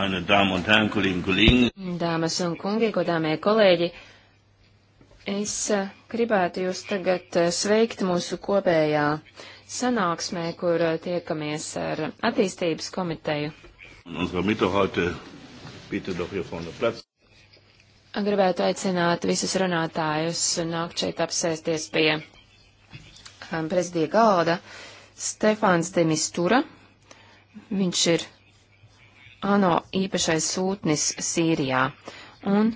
meine Damen und Herren, Kolleginnen und Kollegen. Dāmas un kungi, godāmie kolēģi, es eh, gribētu jūs tagad eh, sveikt mūsu kopējā sanāksmē, kur eh, tiekamies ar attīstības komiteju. Gribētu aicināt visus runātājus nākt šeit apsēsties pie prezidija galda. Stefāns Demistura, viņš ir ANO īpašais sūtnis Sīrijā. Un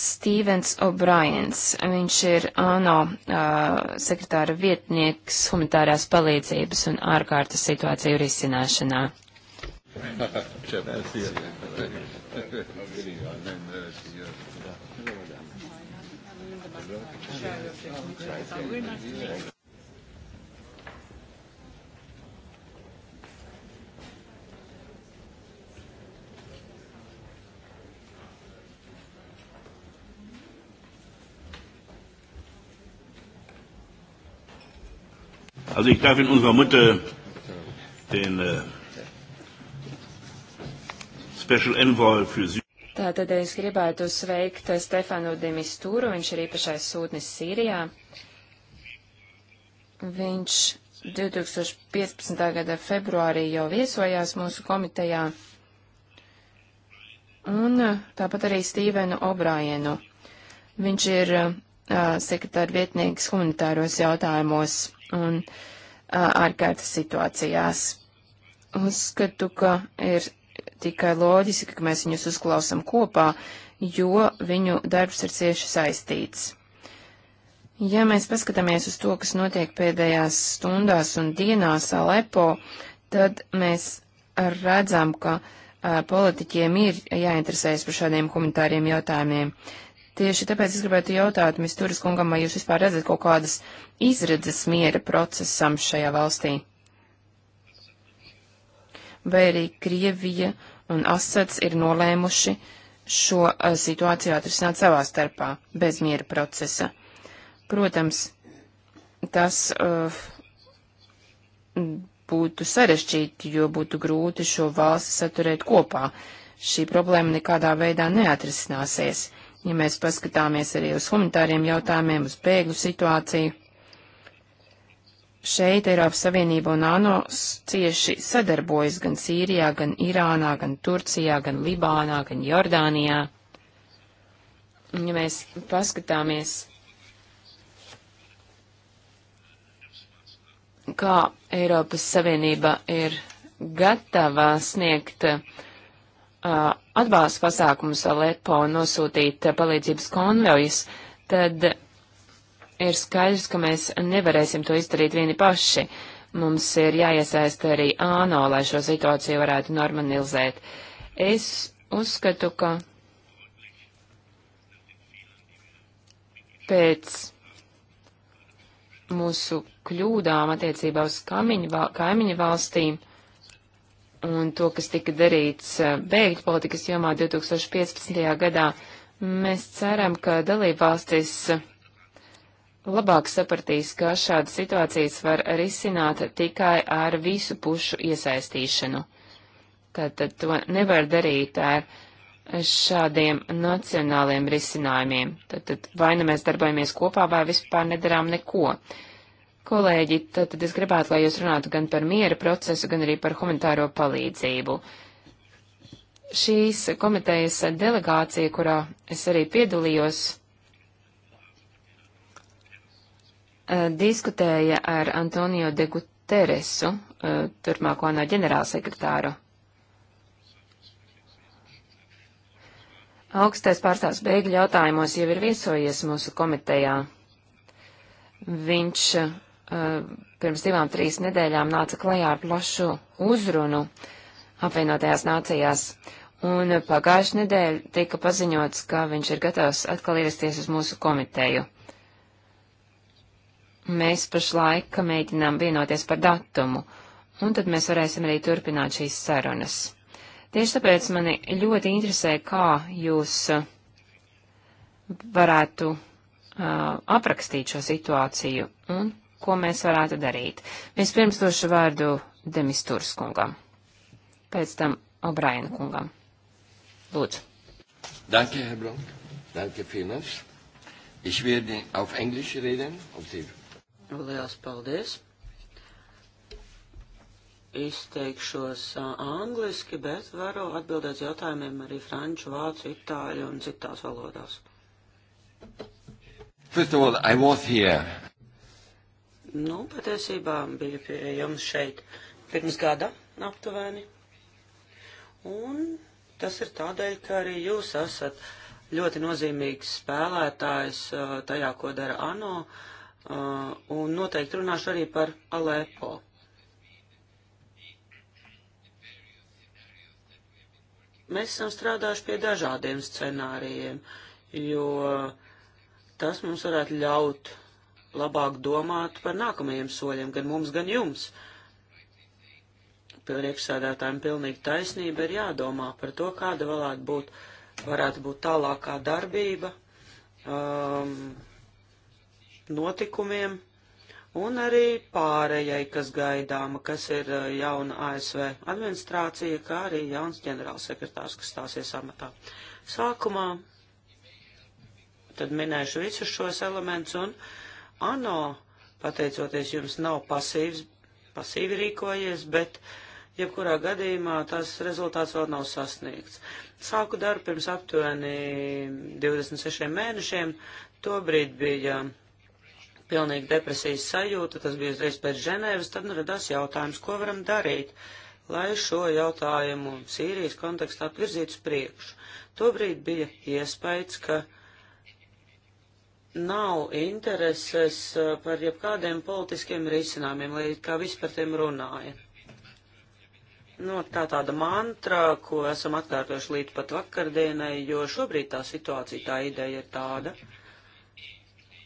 Stevens O'Briens, viņš ir ANO uh, sekretāra vietnieks humanitārās palīdzības un ārkārtas situāciju risināšanā. Thank you. Also ich darf in unserer Mitte den äh, Special Envoy für Syrien. Tātad es gribētu sveikt Stefanu Demistūru, viņš ir īpašais sūtnis Sīrijā. Viņš 2015. gada februārī jau viesojās mūsu komitejā. Un uh, tāpat arī Stīvenu Obrājenu. Viņš ir uh, sekretāra vietnieks humanitāros jautājumos un ārkārtas situācijās. Uzskatu, ka ir tikai loģiski, ka mēs viņus uzklausam kopā, jo viņu darbs ir cieši saistīts. Ja mēs paskatāmies uz to, kas notiek pēdējās stundās un dienās Alepo, tad mēs redzam, ka uh, politiķiem ir jāinteresējas par šādiem humanitāriem jautājumiem. Tieši tāpēc es gribētu jautāt, mēs turis kungam, vai jūs vispār redzat kaut kādas izredzes miera procesam šajā valstī? Vai arī Krievija un Asats ir nolēmuši šo a, situāciju atrisināt savā starpā, bez miera procesa? Protams, tas uh, būtu sarežģīti, jo būtu grūti šo valsti saturēt kopā. Šī problēma nekādā veidā neatrisināsies. Ja mēs paskatāmies arī uz humanitāriem jautājumiem, uz bēgļu situāciju, šeit Eiropas Savienība un ANO cieši sadarbojas gan Sīrijā, gan Irānā, gan Turcijā, gan Libānā, gan Jordānijā. Ja mēs paskatāmies kā Eiropas Savienība ir gatava sniegt Uh, atbalsta pasākumus Alepo un nosūtīt uh, palīdzības konvojas, tad ir skaidrs, ka mēs nevarēsim to izdarīt vieni paši. Mums ir jāiesaista arī ANO, lai šo situāciju varētu normalizēt. Es uzskatu, ka pēc mūsu kļūdām attiecībā uz kaimiņu, kaimiņu valstīm, un to, kas tika darīts eh, bēgļu politikas jomā 2015. gadā, mēs ceram, ka dalībvalstis labāk sapratīs, ka šādas situācijas var risināt tikai ar visu pušu iesaistīšanu. Tātad to nevar darīt ar šādiem nacionāliem risinājumiem. Tad, tad vai nu mēs darbojamies kopā, vai vispār nedarām neko. Kolēģi, tad, tad es gribētu, lai jūs runātu gan par miera procesu, gan arī par humanitāro palīdzību. Šīs komitejas delegācija, kurā es arī piedalījos, eh, diskutēja ar Antonio de Guteresu, eh, turpmāko no ģenerālsekretāru. Augstais pārstāvs bēgļu jautājumos jau ir viesojies mūsu komitejā. Viņš Eh, pirms divām, trīs nedēļām nāca klajā ar plašu uzrunu apvienotajās nācijās. Un pagājušajā nedēļā tika paziņots, ka viņš ir gatavs atkal ierasties uz mūsu komiteju. Mēs pašlaik mēģinām vienoties par datumu, un tad mēs varēsim arī turpināt šīs sarunas. Tieši tāpēc mani ļoti interesē, kā jūs eh, varētu uh, aprakstīt šo situāciju un ko mēs varētu darīt. Vispirms došu vārdu Demisturs kungam, pēc tam Obraina kungam. Lūdzu. Danke, Herr Blank. Danke, Finas. Ich werde auf Englisch reden. Auf Sie. Lielas paldies. Izteikšos angliski, bet varu atbildēt jautājumiem arī franču, vācu, itāļu un citās valodās. First of all, I was here. Nu, patiesībā biju pie jums šeit pirms gada aptuveni. Un tas ir tādēļ, ka arī jūs esat ļoti nozīmīgs spēlētājs uh, tajā, ko dara ANO, uh, un noteikti runāšu arī par Alepo. Mēs esam strādājuši pie dažādiem scenārijiem, jo tas mums varētu ļaut labāk domāt par nākamajiem soļiem, gan mums, gan jums. Priekšsēdētājiem pilnīgi taisnība ir jādomā par to, kāda varētu būt, varētu būt tālākā darbība um, notikumiem un arī pārējai, kas gaidāma, kas ir uh, jauna ASV administrācija, kā arī jauns ģenerālsekretārs, kas stāsies amatā. Sākumā tad minēšu visus šos elementus un uh, ANO, pateicoties jums, nav pasīvs, pasīvi rīkojies, bet jebkurā gadījumā tas rezultāts vēl nav sasniegts. Sāku darbu pirms aptuveni 26 mēnešiem, tobrīd bija pilnīgi depresijas sajūta, tas bija uzreiz pēc Ženēvas, tad nu radās jautājums, ko varam darīt, lai šo jautājumu Sīrijas kontekstā virzītu uz priekšu. Tobrīd bija iespējas, ka nav intereses eh, par jebkādiem politiskiem risinājumiem, lai kā viss par tiem runāja. Nu, tā tāda mantra, ko esam atkārtojuši līdz pat vakardienai, jo šobrīd tā situācija, tā ideja ir tāda,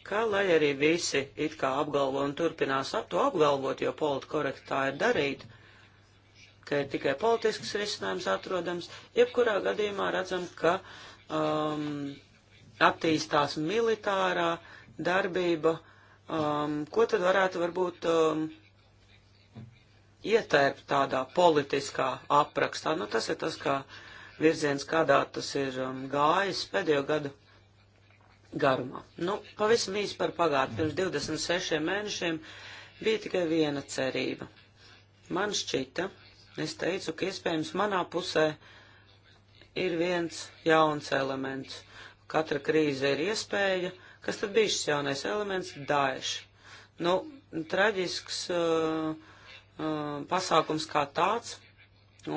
ka, lai arī visi it kā apgalvo un turpinās ap to apgalvot, jo politkorekti tā ir darīt, ka ir tikai politisks risinājums atrodams, jebkurā gadījumā redzam, ka um, attīstās militārā darbība, um, ko tad varētu varbūt um, ietērpt tādā politiskā aprakstā? Nu, tas ir tas, kā virziens, kādā tas ir um, gājis pēdējo gadu garumā. Nu, pavisam īsi par pagātni. Pirms 26 mēnešiem bija tikai viena cerība. Man šķita, es teicu, ka iespējams manā pusē ir viens jauns elements katra krīze ir iespēja, kas tad bija šis jaunais elements - daeši. Nu, traģisks uh, uh, pasākums kā tāds,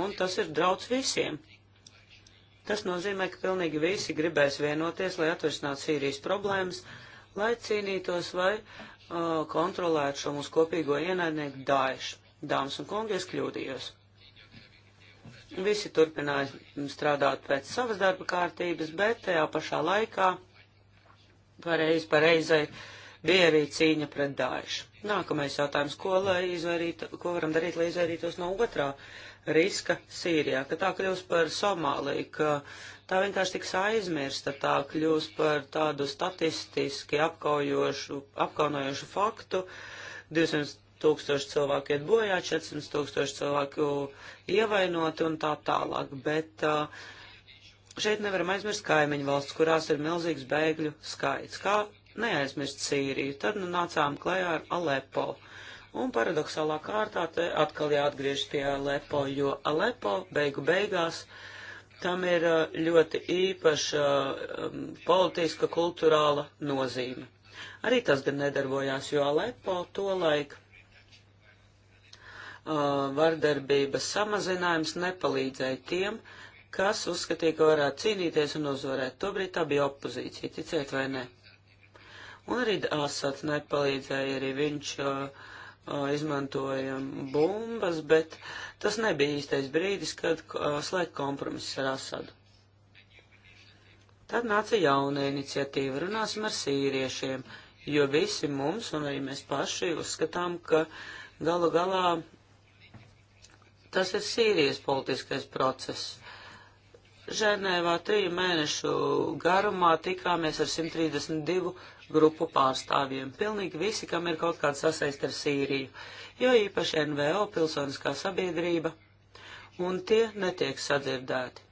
un tas ir draudz visiem. Tas nozīmē, ka pilnīgi visi gribēs vienoties, lai atrisinātu Sīrijas problēmas, lai cīnītos vai uh, kontrolētu šo mūsu kopīgo ienaidnieku daeši. Dāmas un kungi, es kļūdījos. Visi turpināja strādāt pēc savas darba kārtības, bet tajā pašā laikā pareiz pareizai bija arī cīņa pret dāšu. Nākamais jautājums, ko, lai izvairītu, ko varam darīt, lai izvairītos no otrā riska Sīrijā, ka tā kļūs par Somāliju, ka tā vienkārši tiks aizmirsta, tā kļūs par tādu statistiski apkaujošu, apkaunojošu faktu. 200 tūkstoši cilvēku iet bojā, 400 tūkstoši cilvēku ievainoti un tā tālāk. Bet uh, šeit nevaram aizmirst kaimiņu valsts, kurās ir milzīgs bēgļu skaits. Kā neaizmirst Sīriju? Tad nu, nācām klajā ar Alepo. Un paradoxālā kārtā te atkal jāatgriež pie Alepo, jo Alepo beigu beigās tam ir uh, ļoti īpaša um, politiska, kulturāla nozīme. Arī tas gan nedarbojās, jo Alepo tolaik. laik Uh, vardarbības samazinājums nepalīdzēja tiem, kas uzskatīja, ka varētu cīnīties un uzvarēt. Tobrīd tā bija opozīcija, ticiet vai ne. Un arī Asats nepalīdzēja, arī viņš uh, uh, izmantoja bumbas, bet tas nebija īstais brīdis, kad uh, slēgt kompromiss ar Asadu. Tad nāca jauna iniciatīva, runāsim ar sīriešiem, jo visi mums un arī mēs paši uzskatām, ka galu galā Tas ir Sīrijas politiskais process. Ženēvā triju mēnešu garumā tikāmies ar 132 grupu pārstāvjiem. Pilnīgi visi, kam ir kaut kāda sasaist ar Sīriju, jo īpaši NVO pilsoniskā sabiedrība, un tie netiek sadzirdēti.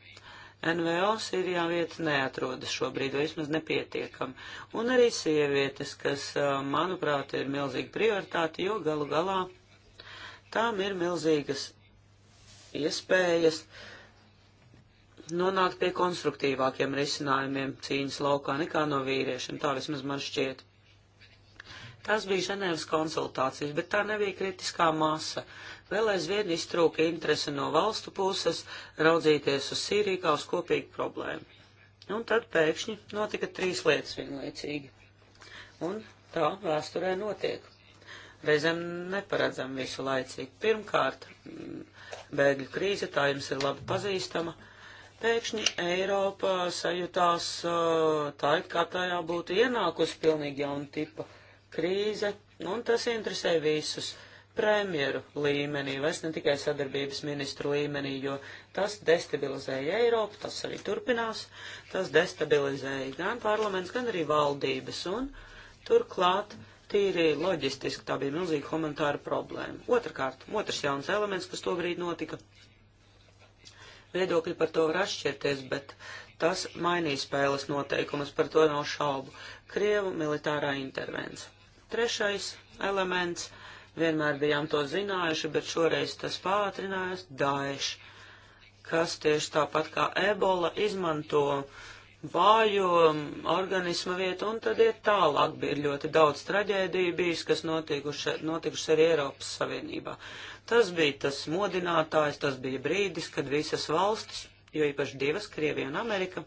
NVO Sīrijā vietas neatrodas šobrīd, vai vismaz nepietiekam. Un arī sievietes, kas, manuprāt, ir milzīga prioritāte, jo galu galā tām ir milzīgas iespējas nonākt pie konstruktīvākiem risinājumiem cīņas laukā nekā no vīriešiem, tā vismaz man šķiet. Tas bija Ženēvas konsultācijas, bet tā nebija kritiskā masa. Vēl aizvien iztrūka interese no valstu puses raudzīties uz Sīriju kā uz kopīgu problēmu. Un tad pēkšņi notika trīs lietas vienlaicīgi. Un tā vēsturē notiek reizēm neparedzam visu laicīgi. Pirmkārt, mm, bēgļu krīze, tā jums ir labi pazīstama. Pēkšņi Eiropa sajūtās tā, it kā tajā būtu ienākusi pilnīgi jauna tipa krīze, nu, un tas interesē visus premjeru līmenī, vairs ne tikai sadarbības ministru līmenī, jo tas destabilizēja Eiropu, tas arī turpinās, tas destabilizēja gan parlaments, gan arī valdības, un turklāt uh, Tīri loģistiski tā bija milzīga humanitāra problēma. Otrakārt, otrs jauns elements, kas tobrīd notika, viedokļi par to var atšķirties, bet tas mainīja spēles noteikumus, par to nav šaubu. Krievu militārā intervence. Trešais elements, vienmēr bijām to zinājuši, bet šoreiz tas pātrinājās, Daesh, kas tieši tāpat kā Ebola izmanto uh, vājo organismu vietu un tad iet tālāk. Ir ļoti daudz traģēdiju bijis, kas notikušas notikuša arī Eiropas Savienībā. Tas bija tas modinātājs, tas bija brīdis, kad visas valstis, jo īpaši divas, Krievija un Amerika,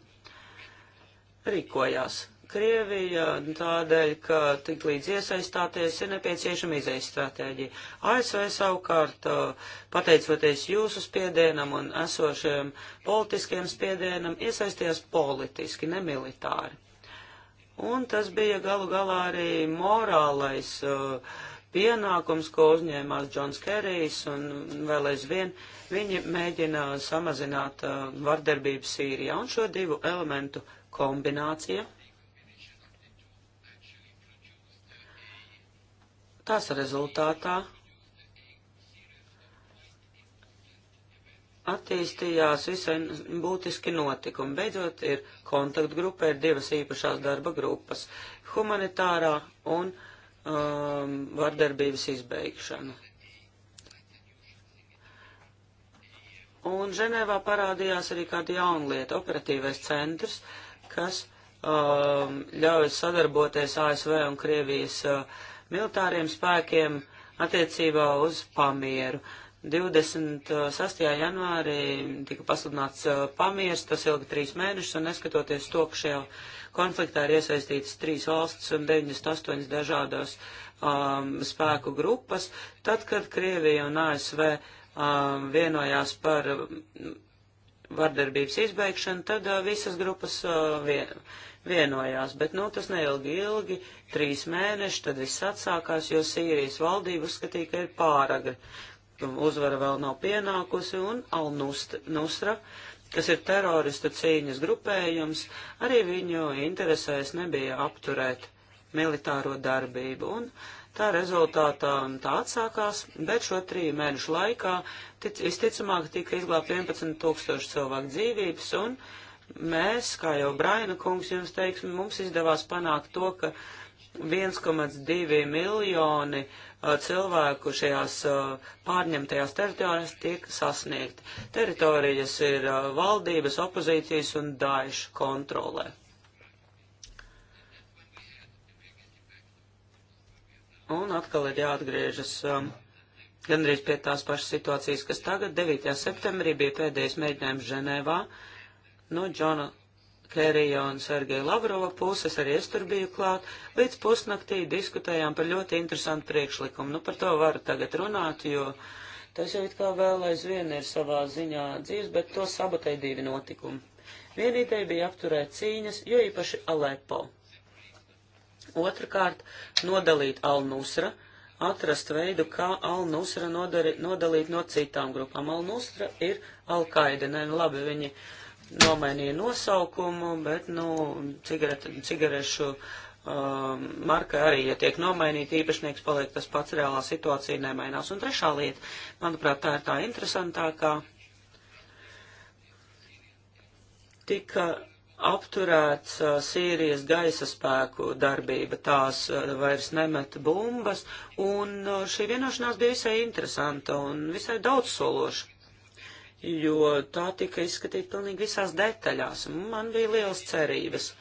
rīkojās. Krievija tādēļ, ka tik līdz iesaistāties ir nepieciešama izējas stratēģija. ASV savukārt, uh, pateicoties jūsu spiedienam un esošajam politiskiem spiedienam, iesaistījās politiski, nemilitāri. Un tas bija galu galā arī morālais uh, pienākums, ko uzņēmās Džons Kerijs, un vēl aizvien viņi mēģina samazināt uh, vardarbību Sīrijā. Un šo divu elementu kombinācija Tās rezultātā attīstījās visai būtiski notikumi. Beidzot, ir kontaktgrupa, ir divas īpašās darba grupas - humanitārā un um, vardarbības izbeigšana. Un Ženēvā parādījās arī kāda jauna lieta - operatīvais centrs, kas um, ļauj sadarboties ASV un Krievijas uh, militāriem spēkiem attiecībā uz pamieru. 26. janvārī tika pasludināts uh, pamieris, tas ilga trīs mēnešus, un neskatoties to, ka šajā konfliktā ir iesaistītas trīs valsts un 98 dažādas um, spēku grupas, tad, kad Krievija un ASV um, vienojās par um, vardarbības izbeigšanu, tad uh, visas grupas uh, vien, vienojās, bet, nu, tas neilgi ilgi, trīs mēneši, tad viss atsākās, jo Sīrijas valdība uzskatīja, ka ir pāragri. Uzvara vēl nav pienākusi, un Al-Nusra, kas ir teroristu cīņas grupējums, arī viņu interesēs nebija apturēt militāro darbību, un Tā rezultātā tā atsākās, bet šo triju mēnešu laikā tic, visticamāk tika izglābt 11 tūkstoši cilvēku dzīvības, un mēs, kā jau Braina kungs jums teiks, mums izdevās panākt to, ka 1,2 miljoni uh, cilvēku šajās uh, pārņemtajās teritorijās tiek sasniegti. Teritorijas ir uh, valdības, opozīcijas un daišu kontrolē. Un atkal ir jāatgriežas um, gandrīz pie tās pašas situācijas, kas tagad 9. septembrī bija pēdējais mēģinājums Ženēvā no nu, Džona Kērija un Sergeja Lavrova puses, arī es tur biju klāt, līdz pusnaktī diskutējām par ļoti interesantu priekšlikumu. Nu, par to varu tagad runāt, jo tas jau it kā vēl aizvien ir savā ziņā dzīves, bet to sabotē divi notikumi. Viena ideja bija apturēt cīņas, jo īpaši Alepo. Otrakārt, nodalīt Al-Nusra, atrast veidu, kā Al-Nusra nodari, nodalīt no citām grupām. Al-Nusra ir Al-Qaida, ne, nu labi, viņi nomainīja nosaukumu, bet, nu, cigaretu, cigarešu um, marka arī, ja tiek nomainīta, īpašnieks paliek tas pats, reālā situācija nemainās. Un trešā lieta, manuprāt, tā ir tā interesantākā. Tika apturēts uh, Sīrijas gaisa spēku darbība, tās uh, vairs nemet bumbas, un uh, šī vienošanās bija visai interesanta un visai daudzsološa, jo tā tika izskatīta pilnīgi visās detaļās, un man bija liels cerības.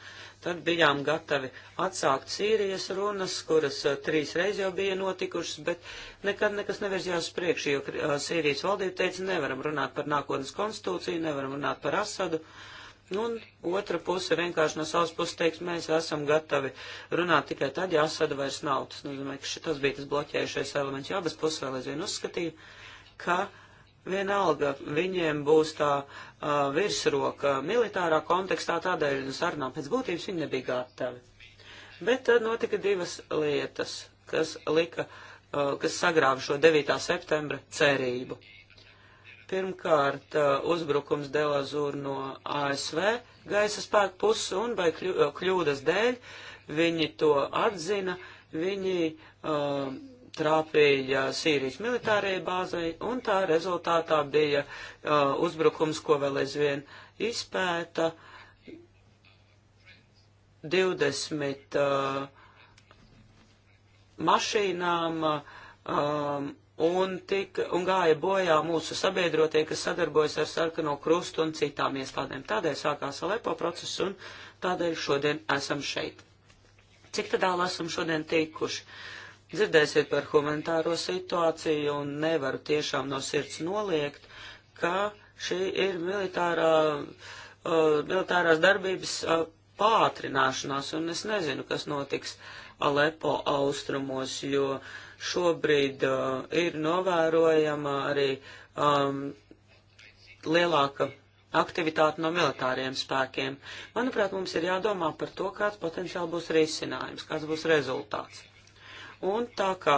Tad bijām gatavi atsākt Sīrijas runas, kuras trīs reiz jau bija notikušas, bet nekad nekas nevirzījās priekšu, jo Sīrijas valdība teica, nevaram runāt par nākotnes konstitūciju, nevaram runāt par Asadu. Uh, Nu, un otra puse vienkārši no savas puses teiks, mēs esam gatavi runāt tikai tad, ja Asada vairs nav. Tas nozīmē, ka šitas bija tas bloķējušais elements. Jā, bez puses vēl aizvien uzskatīja, ka vienalga viņiem būs tā uh, virsroka militārā kontekstā, tādēļ sarunā pēc būtības viņi nebija gatavi. Bet tad notika divas lietas, kas lika, uh, kas sagrāva šo 9. septembra cerību. Pirmkārt, uzbrukums Delazūru no ASV gaisa spēku puses un vai kļūdas dēļ viņi to atzina, viņi uh, trāpīja Sīrijas militārajai bāzei un tā rezultātā bija uh, uzbrukums, ko vēl aizvien izpēta 20 uh, mašīnām. Uh, um, un, tika, un gāja bojā mūsu sabiedrotie, kas sadarbojas ar Sarkano krustu un citām iestādēm. Tādēļ sākās Alepo process un tādēļ šodien esam šeit. Cik tālu esam šodien tikuši? Dzirdēsiet par humanitāro situāciju un nevaru tiešām no sirds noliegt, ka šī ir militārā, uh, militārās darbības uh, pātrināšanās, un es nezinu, kas notiks Alepo austrumos, jo uh, Šobrīd uh, ir novērojama arī um, lielāka aktivitāti no militāriem spēkiem. Manuprāt, mums ir jādomā par to, kāds potenciāli būs risinājums, kāds būs rezultāts. Un tā kā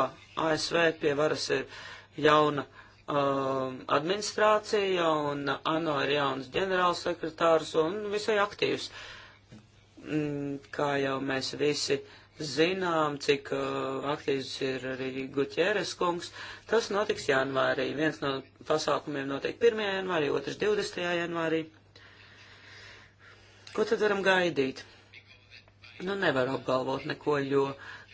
ASV pie varas ir jauna um, administrācija un ANO ir jauns ģenerālsekretārs un visai aktīvs, mm, kā jau mēs visi uh, zinām, cik uh, aktīvs ir arī Guķeres kungs. Tas notiks janvārī. Viens no pasākumiem notiek 1. janvārī, otrs 20. janvārī. Ko tad varam gaidīt? Nu, nevar apgalvot neko, jo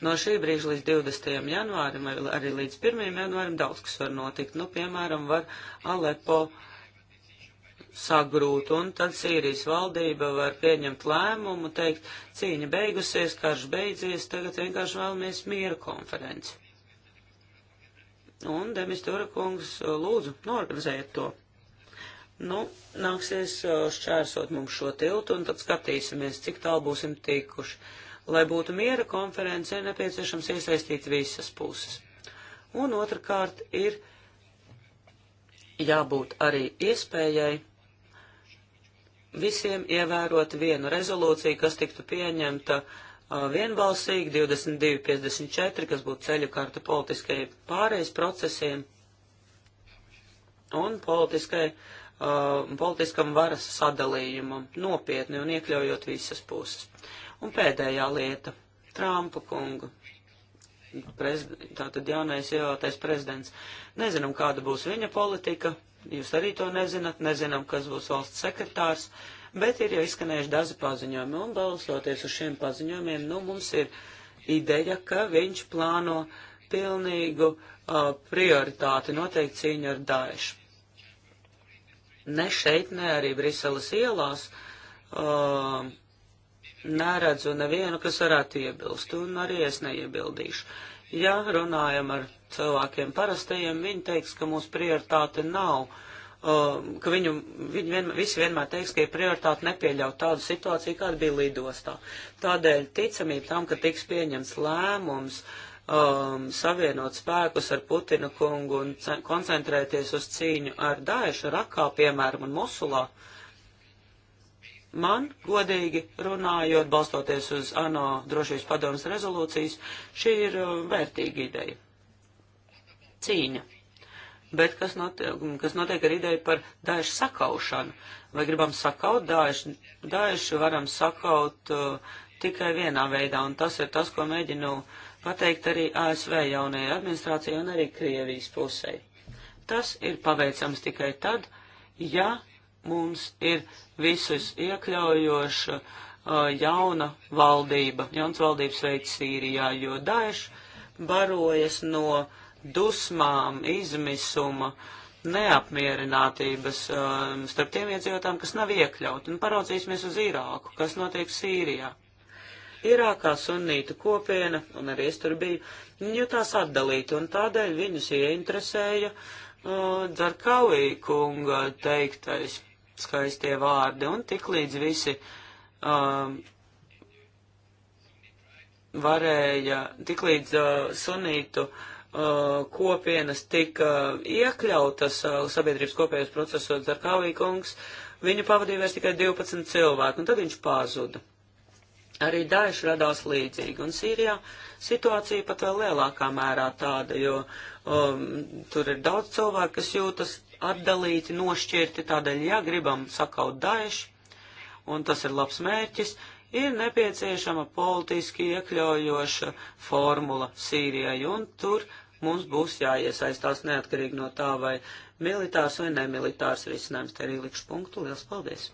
no šī brīža līdz 20. janvārim, vai arī līdz 1. janvārim daudz kas var notikt. Nu, piemēram, var Alepo. Uh, sagrūt, un tad Sīrijas valdība var pieņemt lēmumu, teikt, cīņa beigusies, karš beidzies, tagad vienkārši vēlamies miera konferenci. Un Demis Turakungs uh, lūdzu, norganizējiet to. Nu, nāksies uh, šķērsot mums šo tiltu, un tad skatīsimies, cik tālu būsim tikuši. Lai būtu miera konference, ir nepieciešams iesaistīt visas puses. Un otrkārt ir jābūt arī iespējai visiem ievērot vienu rezolūciju, kas tiktu pieņemta uh, vienbalsīgi 22.54, kas būtu ceļu karta politiskajai pārējais procesiem un politiskai, uh, politiskam varas sadalījumam nopietni un iekļaujot visas puses. Un pēdējā lieta - Trumpa kungu. Prez, tātad jaunais ievēlētais prezidents. Nezinām, kāda būs viņa politika, Jūs arī to nezinat, nezinām, kas būs valsts sekretārs, bet ir jau izskanējuši daži paziņojumi, un balstoties uz šiem paziņojumiem, nu, mums ir ideja, ka viņš plāno pilnīgu uh, prioritāti noteikt cīņu ar Daešu. Ne šeit, ne arī Briseles ielās uh, neredzu nevienu, kas varētu iebilst, un arī es neiebildīšu. Ja runājam ar cilvēkiem parastajiem, viņi teiks, ka mūsu prioritāte nav, um, ka viņu, viņi vien, visi vienmēr teiks, ka ir prioritāte nepieļaut tādu situāciju, kāda bija lidostā. Tādēļ ticamība tam, ka tiks pieņemts lēmums um, savienot spēkus ar Putina kungu un koncentrēties uz cīņu ar Daešu, Rakā, piemēram, un Mosulā, uh, Man, godīgi runājot, balstoties uz ANO drošības padomas rezolūcijas, šī ir uh, vērtīga ideja. Cīņa. Bet kas notiek, kas notiek ar ideju par daļu sakaušanu? Vai gribam sakaut daļu? Daļu varam sakaut uh, tikai vienā veidā, un tas ir tas, ko mēģinu pateikt arī ASV jaunajai administrācijai un arī Krievijas pusē. Tas ir paveicams tikai tad, ja Mums ir visus iekļaujoša uh, jauna valdība, jauns valdības veids Sīrijā, jo Daesh barojas no dusmām, izmisuma, neapmierinātības um, starp tiem iedzīvotājiem, kas nav iekļauti. Un nu, paraudzīsimies uz Irāku, kas notiek Sīrijā. Irākā sunīta kopiena, un arī es tur biju, viņi jutās atdalīti, un tādēļ viņus ieinteresēja uh, Dzarkavī kunga teiktais skaistie vārdi, un tik līdz visi um, varēja, tik līdz uh, sunītu uh, kopienas tika uh, iekļautas uh, sabiedrības kopējos procesos Zarkāvīkungs, viņu pavadīja vairs tikai 12 cilvēku, un tad viņš pazuda. Arī Daesh radās līdzīgi, un Sīrijā situācija pat vēl lielākā mērā tāda, jo um, tur ir daudz cilvēku, kas jūtas atdalīti, nošķirti, tādēļ, ja gribam sakaut daešu, un tas ir labs mērķis, ir nepieciešama politiski iekļaujoša formula Sīrijai, un tur mums būs jāiesaistās neatkarīgi no tā, vai militārs vai nemilitārs risinājums. Te arī likšu punktu. Lielas paldies!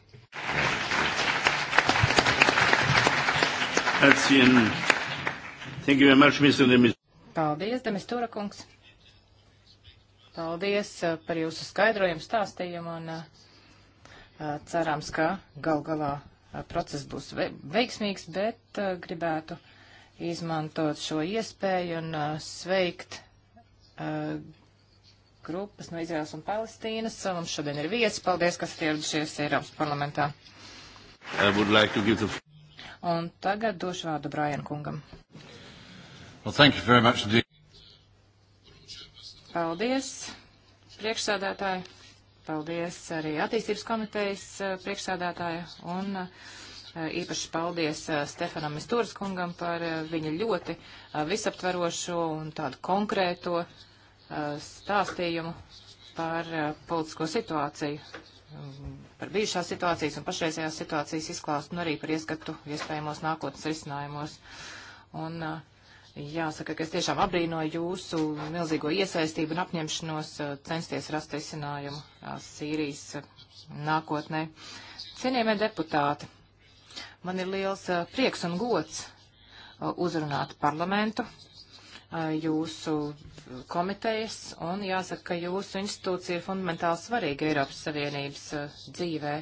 Paldies, Demis Turakungs! Paldies uh, par jūsu skaidrojumu stāstījumu un uh, uh, cerams, ka gal galā process būs veiksmīgs, bet gribētu izmantot šo iespēju un sveikt grupas no Izraels un Palestīnas. Mums šodien ir viesis. Paldies, kas ir ieradušies Eiropas parlamentā. Like the... Un tagad došu vārdu Brian kungam. Well, Paldies, priekšsādātāji. Paldies arī attīstības komitejas eh, priekšsādātāja un eh, īpaši paldies eh, Stefanam Istūras kungam par viņa ļoti visaptverošo un tādu konkrēto stāstījumu par politisko situāciju, mm, par bijušās situācijas un pašreizējās situācijas izklāstu un arī par ieskatu iespējamos nākotnes risinājumos. Un uh, Jāsaka, ka es tiešām apbrīnoju jūsu milzīgo iesaistību un apņemšanos eh, censties rast risinājumu eh, Sīrijas eh, nākotnē. Cienījamie deputāti, man ir liels prieks un gods uzrunāt parlamentu, jūsu komitejas, un jāsaka, ka jūsu institūcija ir fundamentāli svarīga Eiropas Savienības dzīvē.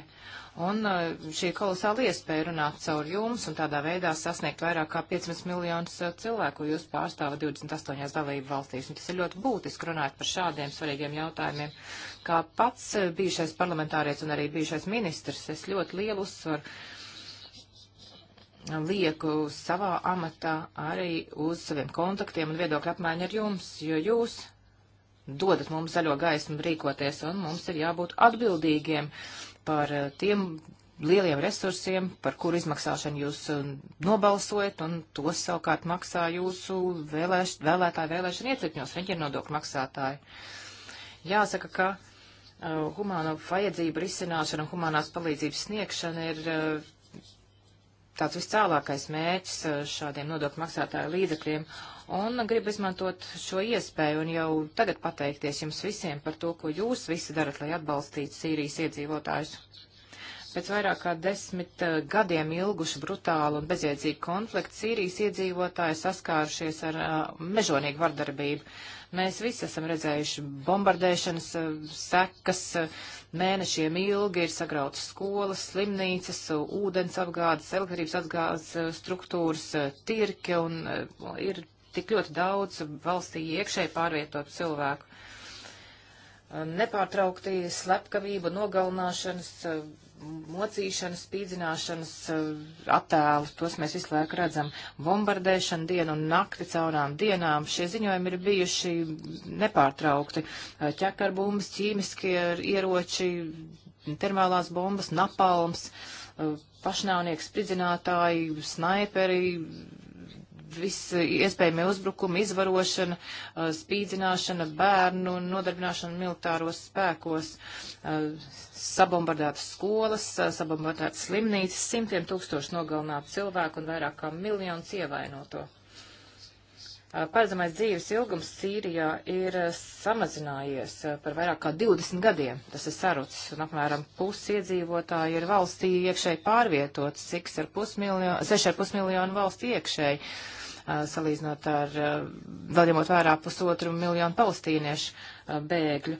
Un eh, šī kolosāla iespēja runāt caur jums un tādā veidā sasniegt vairāk kā 500 miljonus eh, cilvēku, jūs pārstāvat 28 dalību valstīs. Un tas ir ļoti būtiski runāt par šādiem svarīgiem jautājumiem. Kā pats eh, bijušais parlamentārietis un arī bijušais ministrs, es ļoti lielu uzsvaru lieku savā amatā arī uz saviem kontaktiem un viedokļu apmaiņu ar jums, jo jūs dodat mums zaļo gaismu rīkoties, un mums ir jābūt atbildīgiem par eh, tiem lieliem resursiem, par kuru izmaksāšanu jūs eh, nobalsojat, un tos savukārt maksā jūsu vēlēš, vēlētāju vēlēšana iecirkņos, viņi ir nodokļu maksātāji. Jāsaka, ka uh, humāno vajadzību risināšana un humanās palīdzības sniegšana ir uh, tāds viscālākais mērķis uh, šādiem nodokļu maksātāju līdzekļiem, un gribu izmantot šo iespēju un jau tagad pateikties jums visiem par to, ko jūs visi darat, lai atbalstītu Sīrijas iedzīvotājus. Pēc vairāk kā desmit eh, gadiem ilgušu brutālu un bezjēdzīgu konfliktu Sīrijas iedzīvotāji saskārušies ar uh, mežonīgu vardarbību. Mēs visi esam redzējuši bombardēšanas uh, sekas, uh, mēnešiem ilgi ir sagrautas skolas, slimnīcas, ūdens apgādes, elektrības atgādes struktūras, tirki un ir tik ļoti daudz valstī iekšēji pārvietotu cilvēku. Nepārtraukti slepkavība, nogalināšanas, mocīšanas, spīdzināšanas attēlus, tos mēs visu laiku redzam. Bombardēšana dienu un nakti caurām dienām, šie ziņojumi ir bijuši nepārtraukti. Ķekarbumbas, ķīmiskie ieroči, termālās bombas, napalms pašnāvnieki, spridzinātāji, snaiperi, visi iespējamie uzbrukumi, izvarošana, uh, spīdzināšana, bērnu nodarbināšana militāros spēkos, uh, sabombardētas skolas, uh, sabombardētas slimnīcas, simtiem tūkstoši nogalinātu cilvēku un vairāk kā miljonus ievainoto. Paredzamais dzīves ilgums Sīrijā ir samazinājies par vairāk kā 20 gadiem. Tas ir sarucis, un apmēram pusi iedzīvotāji ir valstī iekšēji pārvietots, cik ar pusmiljonu, 6,5 miljonu valstī iekšēji. Uh, salīdzinot ar, uh, vēl ņemot vērā pusotru miljonu palestīniešu uh, bēgļu.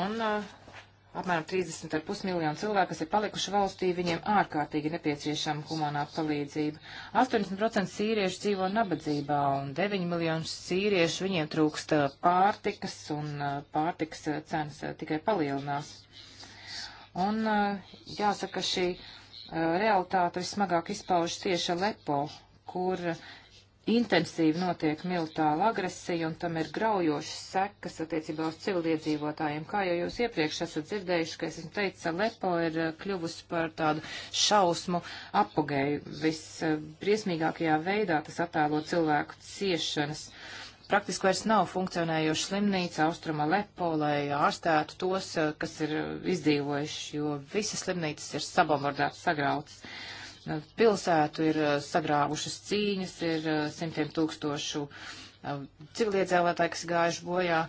Un apmēram 30,5 miljonu cilvēku, kas ir palikuši valstī, viņiem ārkārtīgi nepieciešama humanā palīdzība. 80% sīriešu dzīvo nabadzībā un 9 miljonus sīriešu viņiem trūkst pārtikas un pārtikas cenas tikai palielinās. Un jāsaka, šī realitāte vismagāk izpaužas tieši Lepo kur intensīvi notiek militāla agresija, un tam ir graujošas sekas attiecībā uz civiliedzīvotājiem. Kā jau jūs iepriekš esat dzirdējuši, ka es esmu teicis, Alepo ir eh, kļuvusi par tādu šausmu apogēju. Visbriesmīgākajā veidā tas attēlo cilvēku ciešanas. Praktiski vairs nav funkcionējoša slimnīca Austrum Alepo, lai ārstētu tos, eh, kas ir izdzīvojuši, jo visas slimnīcas ir sabombardētas, sagrautas. Uh, pilsētu ir eh, sagrāvušas cīņas, ir eh, simtiem tūkstošu eh, civiliedzīvotāji, kas gājuši bojā,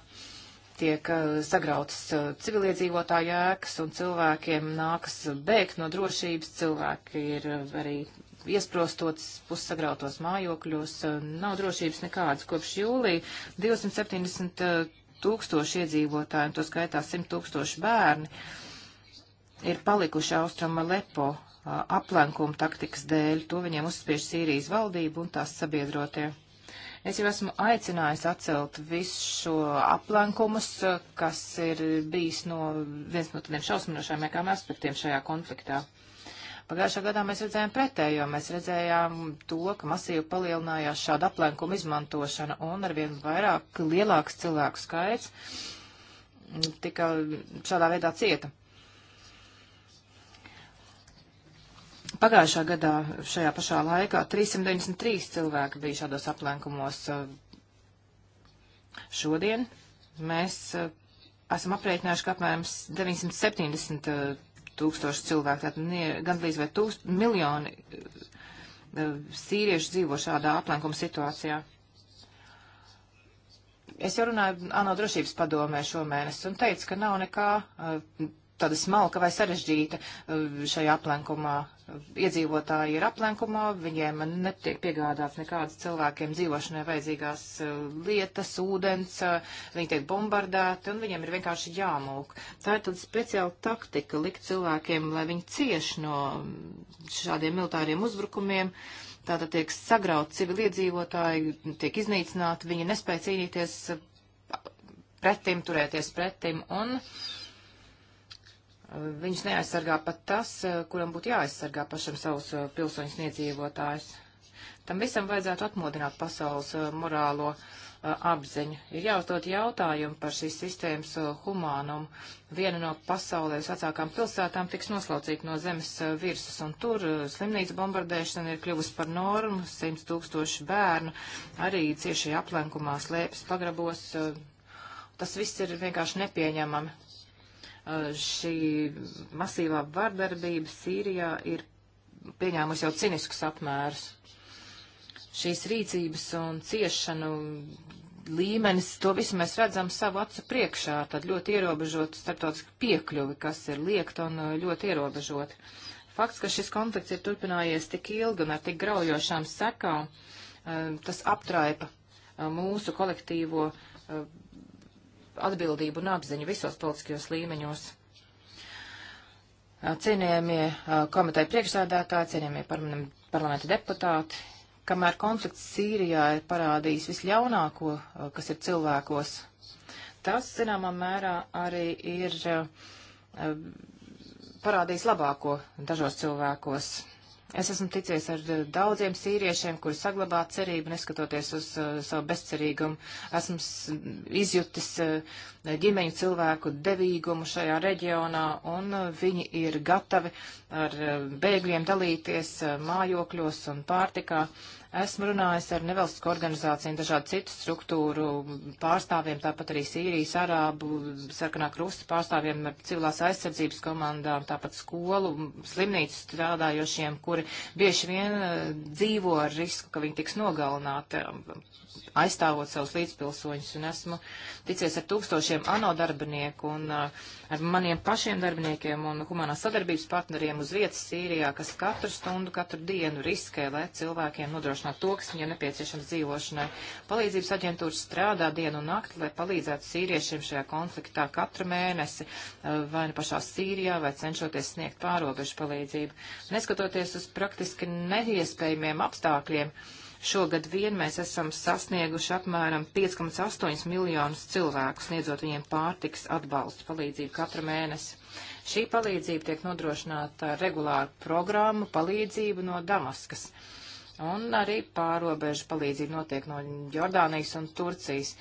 tiek sagrautas civiliedzīvotāju ēkas un cilvēkiem nākas bēgt no drošības, cilvēki ir arī iesprostots pussagrautos mājokļos, nav drošības nekādas kopš jūlija 270 tūkstoši iedzīvotāji, un to skaitā 100 tūkstoši bērni, ir palikuši Austrum Alepo aplenkuma taktikas dēļ. To viņiem uzspiež Sīrijas valdība un tās sabiedrotie. Es jau esmu aicinājis atcelt visu šo aplenkumus, kas ir bijis no viens no tādiem šausminošākajiem aspektiem šajā konfliktā. Pagājušā gadā mēs redzējām pretējo, mēs redzējām to, ka masīvi palielinājās šāda aplenkuma izmantošana un arvien vairāk lielāks cilvēku skaits tika šādā veidā cieta. Pagājušā gadā šajā pašā laikā 393 cilvēki bija šādos aplenkumos. Šodien mēs eh, esam aprēķinājuši, ka apmēram 970 eh, tūkstoši cilvēku, tātad gandrīz vai tūkst, miljoni eh, sīrieši dzīvo šādā aplenkuma situācijā. Es jau runāju ANO drošības padomē šomēnes un teicu, ka nav nekā tāda smalka vai sarežģīta eh, šajā aplenkumā. Iedzīvotāji ir aplenkumā, viņiem netiek piegādāts nekādas cilvēkiem dzīvošanai vajadzīgās eh, lietas, ūdens, eh, viņi tiek bombardēti un viņiem ir vienkārši jāmūk. Tā ir tāda speciāla taktika likt cilvēkiem, lai viņi cieš no mm, šādiem militāriem uzbrukumiem. Tātad tiek sagraut civiliedzīvotāji, tiek iznīcināti, viņi nespēja cīnīties pretim, turēties pretim un uh, Viņš neaizsargā pat tas, eh, kuram būtu jāaizsargā pašam savus eh, pilsoņus iedzīvotājus. Tam visam vajadzētu atmodināt pasaules eh, morālo apziņu. Ir jāuzdod jautājumu par šīs sistēmas humānumu. Viena no pasaulē vecākām pilsētām tiks noslaucīta no zemes virsmas, un tur slimnīca bombardēšana ir kļuvusi par normu. 100 tūkstoši bērnu arī cieši aplenkumā slēpjas pagrabos. Tas viss ir vienkārši nepieņemami Eh, šī masīvā vardarbība Sīrijā ir pieņēmusi jau ciniskus apmērus. Šīs rīcības un ciešanu līmenis, to visu mēs redzam savu acu priekšā, tad ļoti ierobežot starptautisku piekļuvi, kas ir liekt un eh, ļoti ierobežot. Fakts, ka šis konflikts ir turpinājies tik ilgi un ar tik graujošām sekām, eh, tas aptraipa mūsu kolektīvo atbildību un apziņu visos politiskajos līmeņos. Cienījamie komiteja priekšsēdētāji, cienījamie parlamenta deputāti, kamēr konflikts Sīrijā ir parādījis visļaunāko, kas ir cilvēkos, tas, zināmā mērā, arī ir parādījis labāko dažos cilvēkos. Es esmu ticies ar eh, daudziem sīriešiem, kuri saglabā cerību, neskatoties uz uh, savu bezcerīgumu. Esmu izjutis uh, ģimeņu cilvēku devīgumu šajā reģionā, un uh, viņi ir gatavi ar uh, bēgļiem dalīties uh, mājokļos un pārtikā. Esmu runājis ar nevalstisko organizācijām, dažādu citu struktūru pārstāvjiem, tāpat arī Sīrijas, Arābu, Sarkanā krusta pārstāvjiem, civilās aizsardzības komandām, tāpat skolu, slimnīcu strādājošiem, kuri bieži vien eh, dzīvo ar risku, ka viņi tiks nogalināti aizstāvot savus līdzpilsoņus, un esmu ticies ar tūkstošiem ANO darbinieku un eh, ar maniem pašiem darbiniekiem un humanās sadarbības partneriem uz vietas Sīrijā, kas katru stundu, katru dienu riskē, lai cilvēkiem nodrošinātu nodrošināt toksni, ja nepieciešams dzīvošanai. Palīdzības aģentūra strādā dienu un nakti, lai palīdzētu sīriešiem šajā konfliktā katru mēnesi, eh, vai nu pašā Sīrijā, vai cenšoties sniegt pārobežu palīdzību. Neskatoties uz praktiski neiespējamiem apstākļiem, Šogad vien mēs esam sasnieguši apmēram 5,8 miljonus cilvēku, sniedzot viņiem pārtiks atbalstu palīdzību katru mēnesi. Šī palīdzība tiek nodrošināta regulāru programmu palīdzību no Damaskas. Uh, Un arī pārobežu palīdzība notiek no Jordānijas un Turcijas.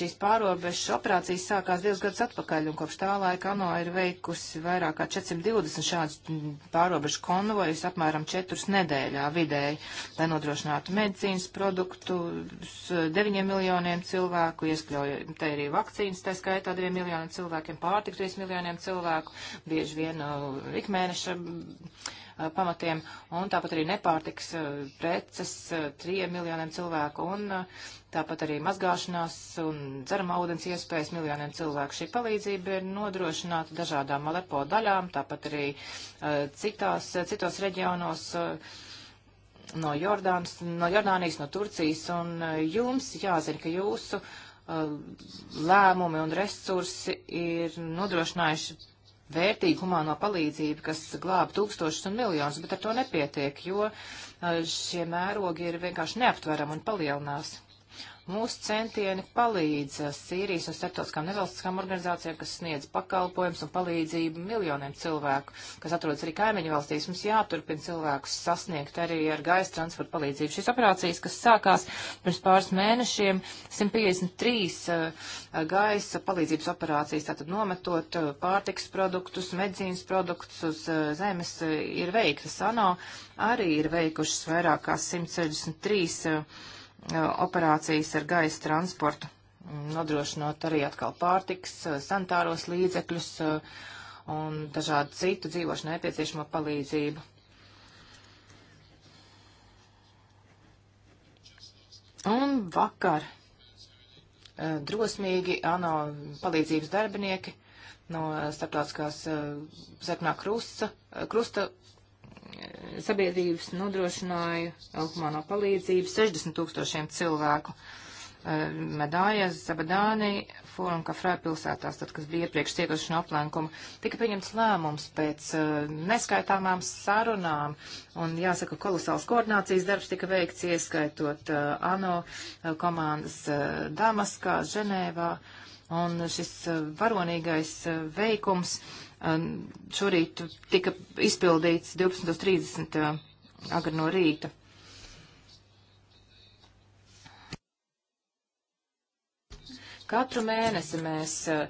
Šīs pārobežu operācijas sākās divus gadus atpakaļ, un kopš tā laika ANO ir veikusi vairāk kā 420 šādus mm, pārobežu konvojus apmēram 4 nedēļā vidēji, lai nodrošinātu medicīnas produktus 9 eh, miljoniem cilvēku, ieskļaujot te arī vakcīnas, tā skaitā 2 miljoniem cilvēkiem, pārtiks 3 miljoniem cilvēku, bieži vien uh, eh, ikmēneša. Uh, Eh, pamatiem, un tāpat arī nepārtiks eh, preces eh, trijiem miljoniem cilvēku, un tāpat arī mazgāšanās un dzeramā ūdens iespējas miljoniem cilvēku. Šī palīdzība ir nodrošināta dažādām Alepo daļām, tāpat arī citās, citos reģionos no, Jordāns, no Jordānijas, no Turcijas, un jums jāzina, ka jūsu uh, lēmumi un resursi ir nodrošinājuši vērtīga humāno palīdzība, kas glāba tūkstošus un miljonus, bet ar to nepietiek, jo uh, šie mērogi ir vienkārši neaptverami un palielinās. Mūsu centieni palīdz eh, Sīrijas un starptautiskām nevalstiskām organizācijām, kas sniedz pakalpojums un palīdzību miljoniem cilvēku, kas atrodas arī kaimiņu valstīs. Mums jāturpina cilvēkus sasniegt arī ar gaisa transporta palīdzību. Šīs operācijas, kas sākās pirms pāris mēnešiem, 153 uh, eh, gaisa palīdzības operācijas, tātad nometot uh, pārtiks produktus, medicīnas produktus uz uh, zemes, ir veikta ANO arī ir veikušas vairāk kā 163 operācijas ar gaisa transportu, mm, nodrošinot arī atkal pārtiks, sanitāros līdzekļus un dažādu citu dzīvošanai nepieciešamo palīdzību. Un vakar drosmīgi ANO palīdzības darbinieki no starptautiskās Zepnā krusta, krusta sabiedrības nodrošināja humano palīdzību 60 tūkstošiem cilvēku. Eh, Medājas, Zabadāni, Fūrum, Kafrā pilsētās, tad, kas bija iepriekš cietuši no aplenkuma, tika pieņemts lēmums pēc uh, neskaitāmām sarunām, un jāsaka, kolosāls koordinācijas darbs tika veikts, ieskaitot uh, ANO komandas uh, Damaskā, Ženēvā, un šis varonīgais veikums Um, šorīt tika izpildīts 12.30 uh, agri no rīta. Katru mēnesi mēs uh,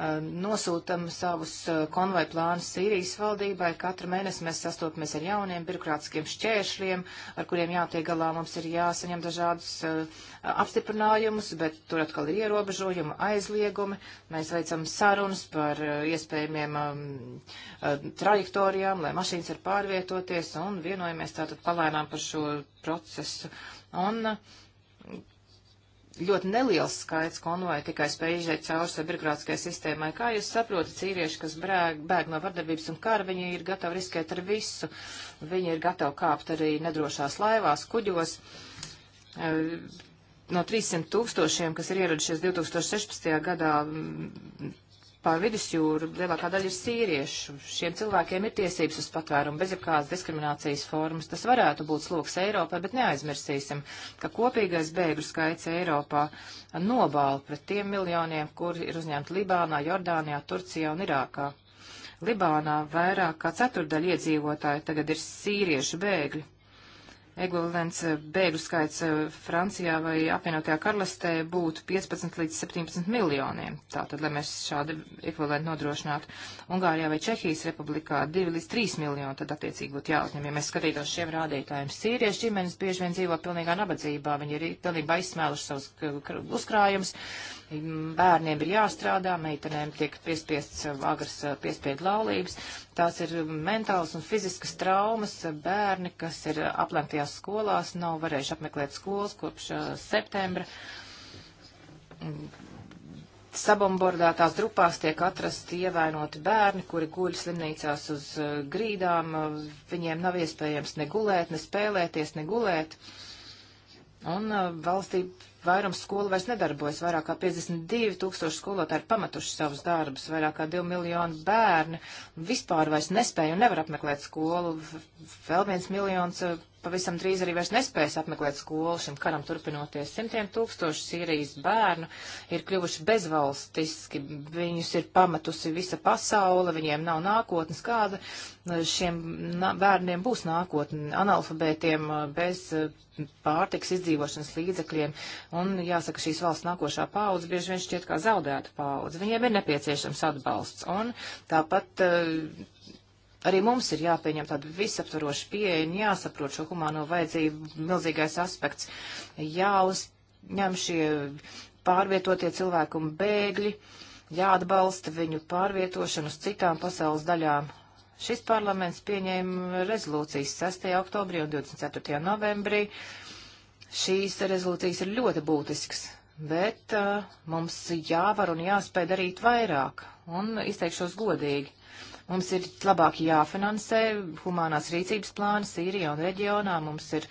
Uh, nosūtam savus uh, konvoju plānus Sīrijas valdībai. Katru mēnesi mēs sastopamies ar jauniem birokrātiskiem šķēršļiem, ar kuriem jātiek galā. Mums ir jāsaņem dažādus uh, apstiprinājumus, bet tur atkal ir ierobežojumi, aizliegumi. Mēs veicam sarunas par uh, iespējamiem um, uh, trajektorijām, lai mašīnas var pārvietoties un vienojamies tātad palēnām par šo procesu. Un, uh, ļoti neliels skaits konvoja tikai spēj iziet cauri savu birokrātiskajai sistēmai. Kā jūs saprotat, cīvieši, kas brēg, bēg no vardarbības un kara, viņi ir gatavi riskēt ar visu, viņi ir gatavi kāpt arī nedrošās laivās, kuģos. Eh, no 300 tūkstošiem, kas ir ieradušies 2016. gadā, pa vidusjūru lielākā daļa ir sīriešu. Šiem cilvēkiem ir tiesības uz patvērumu bez jebkādas diskriminācijas formas. Tas varētu būt sloks Eiropai, bet neaizmirsīsim, ka kopīgais bēgļu skaits Eiropā nobāla pret tiem miljoniem, kur ir uzņemti Libānā, Jordānijā, Turcijā un Irākā. Libānā vairāk kā ceturdaļa iedzīvotāji tagad ir sīriešu bēgļi ekvivalents eh, bēgļu skaits eh, Francijā vai apvienotajā karalistē būtu 15 līdz 17 miljoniem. Tātad, lai mēs šādu ekvivalentu nodrošinātu Ungārijā vai Čehijas republikā 2 līdz 3 miljoni, tad attiecīgi būtu jāuzņem. Ja mēs skatītos šiem rādītājiem, sīriešu ģimenes bieži vien dzīvo pilnīgā nabadzībā, viņi ir pilnībā izsmēluši savus uzkrājumus, mm, bērniem ir jāstrādā, meitenēm tiek piespiests eh, agras piespiedu laulības, tās ir mentālas un fiziskas traumas, bērni, kas ir aplemtie lielākajās skolās nav varējuši apmeklēt skolas kopš uh, septembra. Sabombardētās grupās tiek atrasti ievainoti bērni, kuri guļ slimnīcās uz uh, grīdām. Viņiem nav iespējams ne gulēt, ne spēlēties, ne gulēt. Un uh, valstī vairums skolu vairs nedarbojas. Vairāk kā 52 tūkstoši skolotāji ir pametuši savus darbus, vairāk kā 2 miljoni bērni vispār vairs nespēja un nevar apmeklēt skolu. Vēl viens miljons pavisam drīz arī vairs nespēs apmeklēt skolu šim karam turpinoties. Simtiem tūkstoši Sīrijas bērnu ir kļuvuši bezvalstiski, viņus ir pametusi visa pasaule, viņiem nav nākotnes, kāda e, šiem bērniem būs nākotne, analfabētiem e, bez e, pārtiks izdzīvošanas līdzekļiem, un jāsaka, šīs valsts nākošā paudze bieži vien šķiet kā zaudēta paudze. Viņiem ir nepieciešams atbalsts, un tāpat Arī mums ir jāpieņem tāda visaptvaroša pieeja un jāsaprot šo humāno vajadzību milzīgais aspekts. Jāuzņem šie pārvietotie cilvēki un bēgļi, jāatbalsta viņu pārvietošanu uz citām pasaules daļām. Šis parlaments pieņēma rezolūcijas 6. oktobrī un 24. novembrī. Šīs rezolūcijas ir ļoti būtisks bet uh, mums jāvar un jāspēj darīt vairāk, un izteikšos godīgi. Mums ir labāk jāfinansē humānās rīcības plāni Sīrijā un reģionā. Mums ir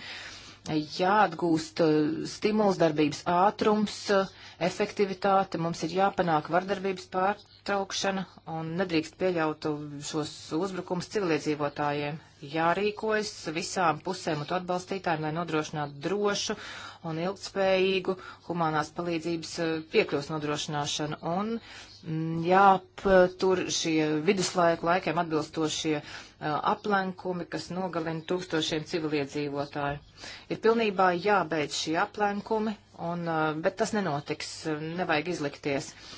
jāatgūst uh, stimuls darbības ātrums, uh, efektivitāte. Mums ir jāpanāk vardarbības pārtraukšana un nedrīkst pieļaut šos uzbrukums civiliedzīvotājiem. Jārīkojas visām pusēm un to atbalstītājiem, lai nodrošinātu drošu un ilgtspējīgu humanās palīdzības uh, piekļuvas nodrošināšanu. Un, uh, Mm, jāaptur šie viduslaiku laikiem atbilstošie uh, aplenkumi, kas nogalina tūkstošiem civiliedzīvotāju. Ir pilnībā jābeidz šie aplenkumi, un, uh, bet tas nenotiks, nevajag izlikties. Uh,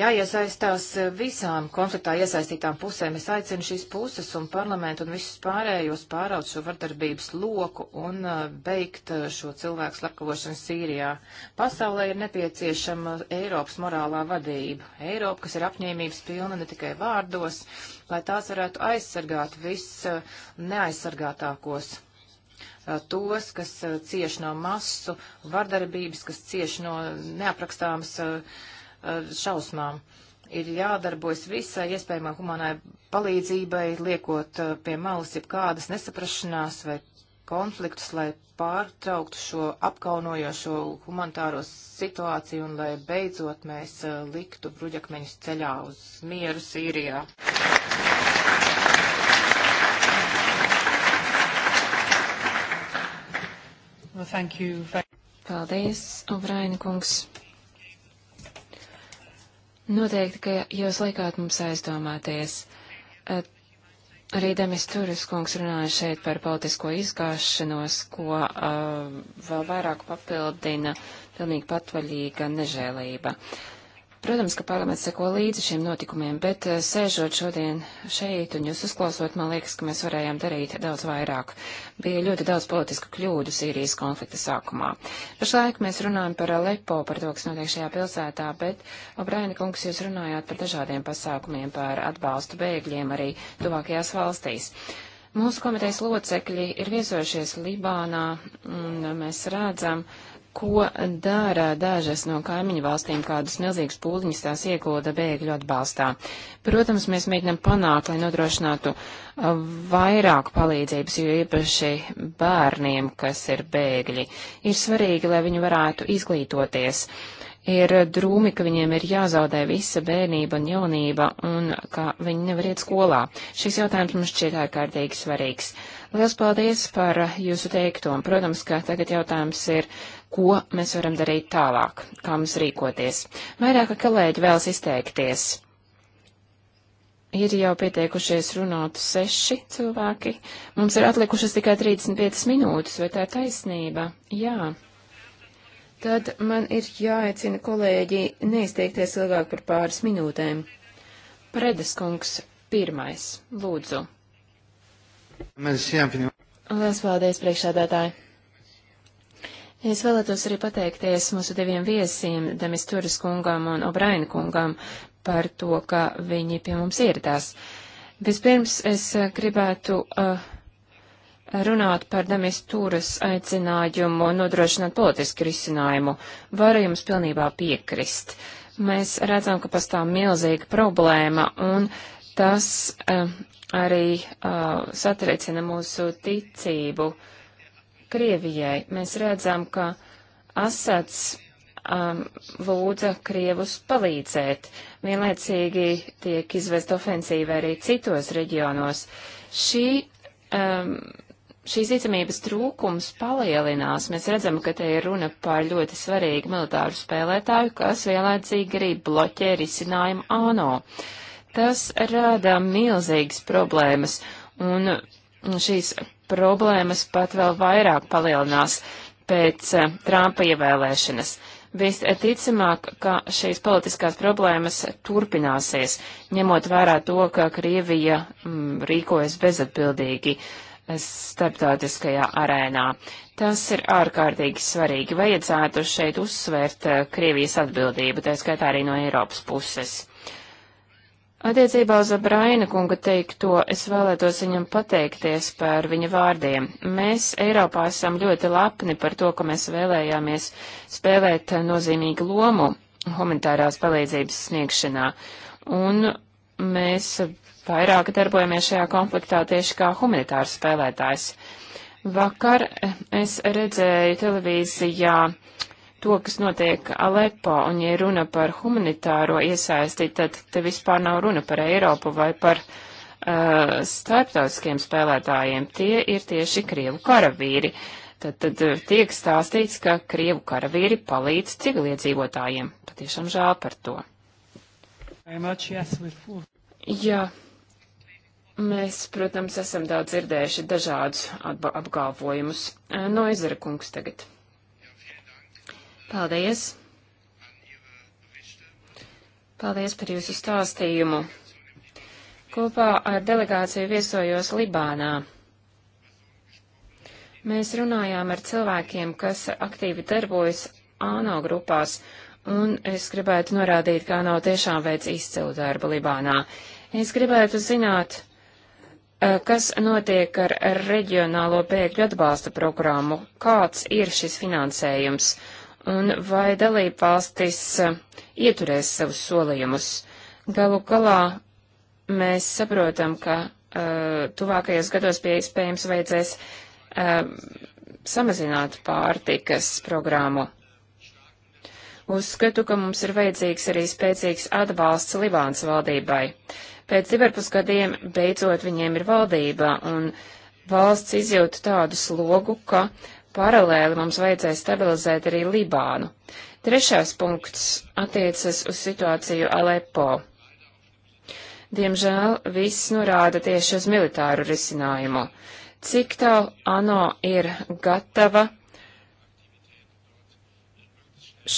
jāiesaistās eh, visām konfliktā iesaistītām pusēm. Es aicinu šīs puses un parlamentu un visus pārējos pāraut šo vardarbības loku un eh, beigt eh, šo cilvēku slepkavošanu Sīrijā. Pasaulē ir nepieciešama Eiropas morālā vadība. Eiropa, kas ir apņēmības pilna ne tikai vārdos, lai tās varētu aizsargāt viss neaizsargātākos tos, kas cieši no masu vardarbības, kas cieši no neaprakstāmas uh, šausmām. Ir jādarbojas visai iespējamā humanai palīdzībai, liekot uh, pie malas jau kādas nesaprašanās vai konfliktus, lai pārtrauktu šo apkaunojošo humanitāro situāciju un lai beidzot mēs uh, liktu bruģakmeņus ceļā uz mieru Sīrijā. Well, thank you. Paldies, Obraina kungs. Noteikti, ka jūs likāt mums aizdomāties. Eh, arī Demis Turis kungs runāja šeit par politisko izgāšanos, ko uh, vēl vairāk papildina pilnīgi patvaļīga nežēlība. Uh, Protams, ka parlaments seko līdzi šiem notikumiem, bet eh, sēžot šodien šeit un jūs uzklausot, man liekas, ka mēs varējām darīt daudz vairāk. Bija ļoti daudz politisku kļūdu Sīrijas konflikta sākumā. Pašlaik mēs runājam par Alepo, par to, kas notiek šajā pilsētā, bet, Obraini kungs, jūs runājāt par dažādiem pasākumiem, par atbalstu bēgļiem arī tuvākajās valstīs. Mūsu komitejas locekļi ir viesojušies Libānā, un mēs redzam, uh, ko dara dažas no kaimiņu valstīm, kādas milzīgas pūliņas tās iekulda bēgļu atbalstā. Protams, mēs mēģinam panākt, lai nodrošinātu uh, vairāk palīdzības, jo īpaši bērniem, kas ir bēgļi, ir svarīgi, lai viņi varētu izglītoties. Ir drūmi, ka viņiem ir jāzaudē visa bērnība un jaunība, un ka viņi nevar iet skolā. Šis jautājums mums šķiet ārkārtīgi svarīgs. Liels paldies par jūsu teikto. Un, protams, ka tagad jautājums ir ko mēs varam darīt tālāk, kā mums rīkoties. Vairāki kolēģi vēlas izteikties. Ir jau pieteikušies runāt seši cilvēki. Mums ir atlikušas tikai 35 minūtes, vai tā ir taisnība? Jā. Tad man ir jāaicina kolēģi neizteikties ilgāk par pāris minūtēm. Predes kungs, pirmais, lūdzu. Mēs jāpieņem. Lielas paldies, priekšādātāji. Es vēlētos arī pateikties mūsu diviem viesiem, Demis Turis kungam un Obraina kungam, par to, ka viņi pie mums ieradās. Vispirms es eh, gribētu uh, runāt par Demis Turis aicinājumu nodrošināt politisku risinājumu. Varu jums pilnībā piekrist. Mēs redzam, ka pastāv milzīga problēma un tas uh, arī uh, satricina mūsu ticību. Uh, Krievijai. Mēs redzam, ka Asats um, lūdza Krievus palīdzēt. Vienlaicīgi tiek izvest ofensīva arī citos reģionos. Šī, um, šīs ticamības trūkums palielinās. Mēs redzam, ka te ir runa par ļoti svarīgu militāru spēlētāju, kas vienlaicīgi arī bloķē risinājumu ANO. Tas rada milzīgas problēmas. Un šīs problēmas pat vēl vairāk palielinās pēc eh, Trumpa ievēlēšanas. Visticamāk, ka šīs politiskās problēmas turpināsies, ņemot vērā to, ka Krievija m, mm, rīkojas bezatbildīgi eh, starptautiskajā arēnā. Tas ir ārkārtīgi svarīgi. Vajadzētu šeit uzsvērt eh, Krievijas atbildību, tā skaitā arī no Eiropas puses. Attiecībā uz Braina kunga teikto, es vēlētos viņam pateikties par viņa vārdiem. Mēs Eiropā esam ļoti lepni par to, ka mēs vēlējāmies spēlēt nozīmīgu lomu humanitārās palīdzības sniegšanā, un mēs vairāk darbojamies šajā konfliktā tieši kā humanitārs spēlētājs. Vakar es redzēju televīzijā uh, to, kas notiek Alepo, un ja runa par humanitāro iesaisti, tad te vispār nav runa par Eiropu vai par uh, starptautiskiem spēlētājiem. Tie ir tieši Krievu karavīri. Tad, tad uh, tiek stāstīts, ka Krievu karavīri palīdz civiliedzīvotājiem. Patiešām žēl par to. Jā, mēs, protams, esam daudz dzirdējuši dažādus apgalvojumus. Uh, no izrakungs tagad. Paldies! Paldies par jūsu stāstījumu. Kopā ar delegāciju viesojos Libānā. Mēs runājām ar cilvēkiem, kas aktīvi darbojas ANO grupās, un es gribētu norādīt, ka ANO tiešām veic izcilu darbu Libānā. Es gribētu zināt, eh, kas notiek ar reģionālo bēgļu atbalsta programmu, kāds ir šis finansējums, un vai dalībvalstis eh, ieturēs savus solījumus. Galu galā mēs saprotam, ka uh, tuvākajos gados pie iespējams vajadzēs uh, samazināt pārtikas programmu. Uzskatu, ka mums ir vajadzīgs arī spēcīgs atbalsts Libānas valdībai. Pēc divarpus gadiem beidzot viņiem ir valdība, un valsts izjūta tādu slogu, ka paralēli mums vajadzēs stabilizēt arī Libānu. Trešais punkts attiecas uz situāciju Alepo. Diemžēl viss norāda tieši uz militāru risinājumu. Cik tālu ANO ir gatava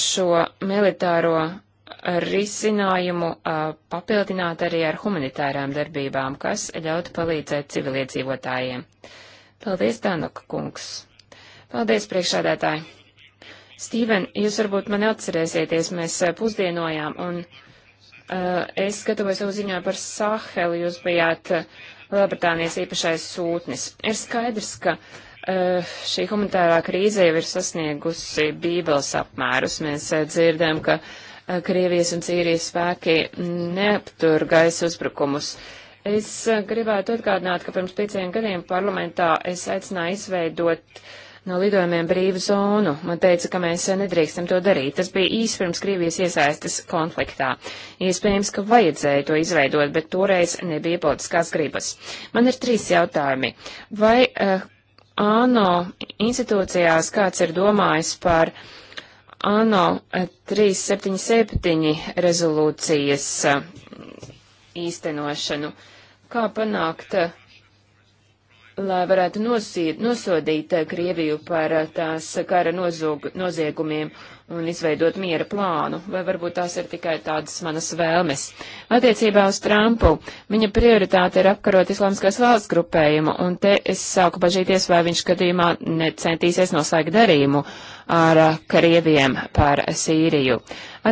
šo militāro risinājumu uh, papildināt arī ar humanitārām darbībām, kas ļautu palīdzēt civiliedzīvotājiem. Paldies, Danuka kungs! Paldies, priekšādētāji. Stīven, jūs varbūt mani atcerēsieties, mēs eh, pusdienojām, un uh, es gatavoju savu ziņā par Sahelu, jūs bijāt eh, Lielbritānijas īpašais sūtnis. Ir skaidrs, ka uh, šī humanitārā krīze jau ir sasniegusi bībeles apmērus. Mēs uh, dzirdam, ka uh, Krievijas un Cīrijas spēki neaptur gaisa uzbrukumus. Es uh, gribētu atgādināt, ka pirms pieciem gadiem parlamentā es aicināju izveidot uh, no lidojumiem brīvu zonu. Man teica, ka mēs nedrīkstam to darīt. Tas bija īsi pirms Krievijas iesaistas konfliktā. Iespējams, ka vajadzēja to izveidot, bet toreiz nebija politiskās gribas. Man ir trīs jautājumi. Vai uh, ANO institūcijās kāds ir domājis par ANO 377 eh, rezolūcijas uh, īstenošanu? Kā panākt? Uh, lai varētu nosīd, nosodīt eh, Krieviju par eh, tās kara nozog, noziegumiem un izveidot miera plānu, vai varbūt tās ir tikai tādas manas vēlmes. Attiecībā uz Trumpu viņa prioritāte ir apkarot islāmskās valsts grupējumu, un te es sāku bažīties, vai viņš skatījumā necentīsies noslēgt darījumu ar eh, Krieviem par Sīriju.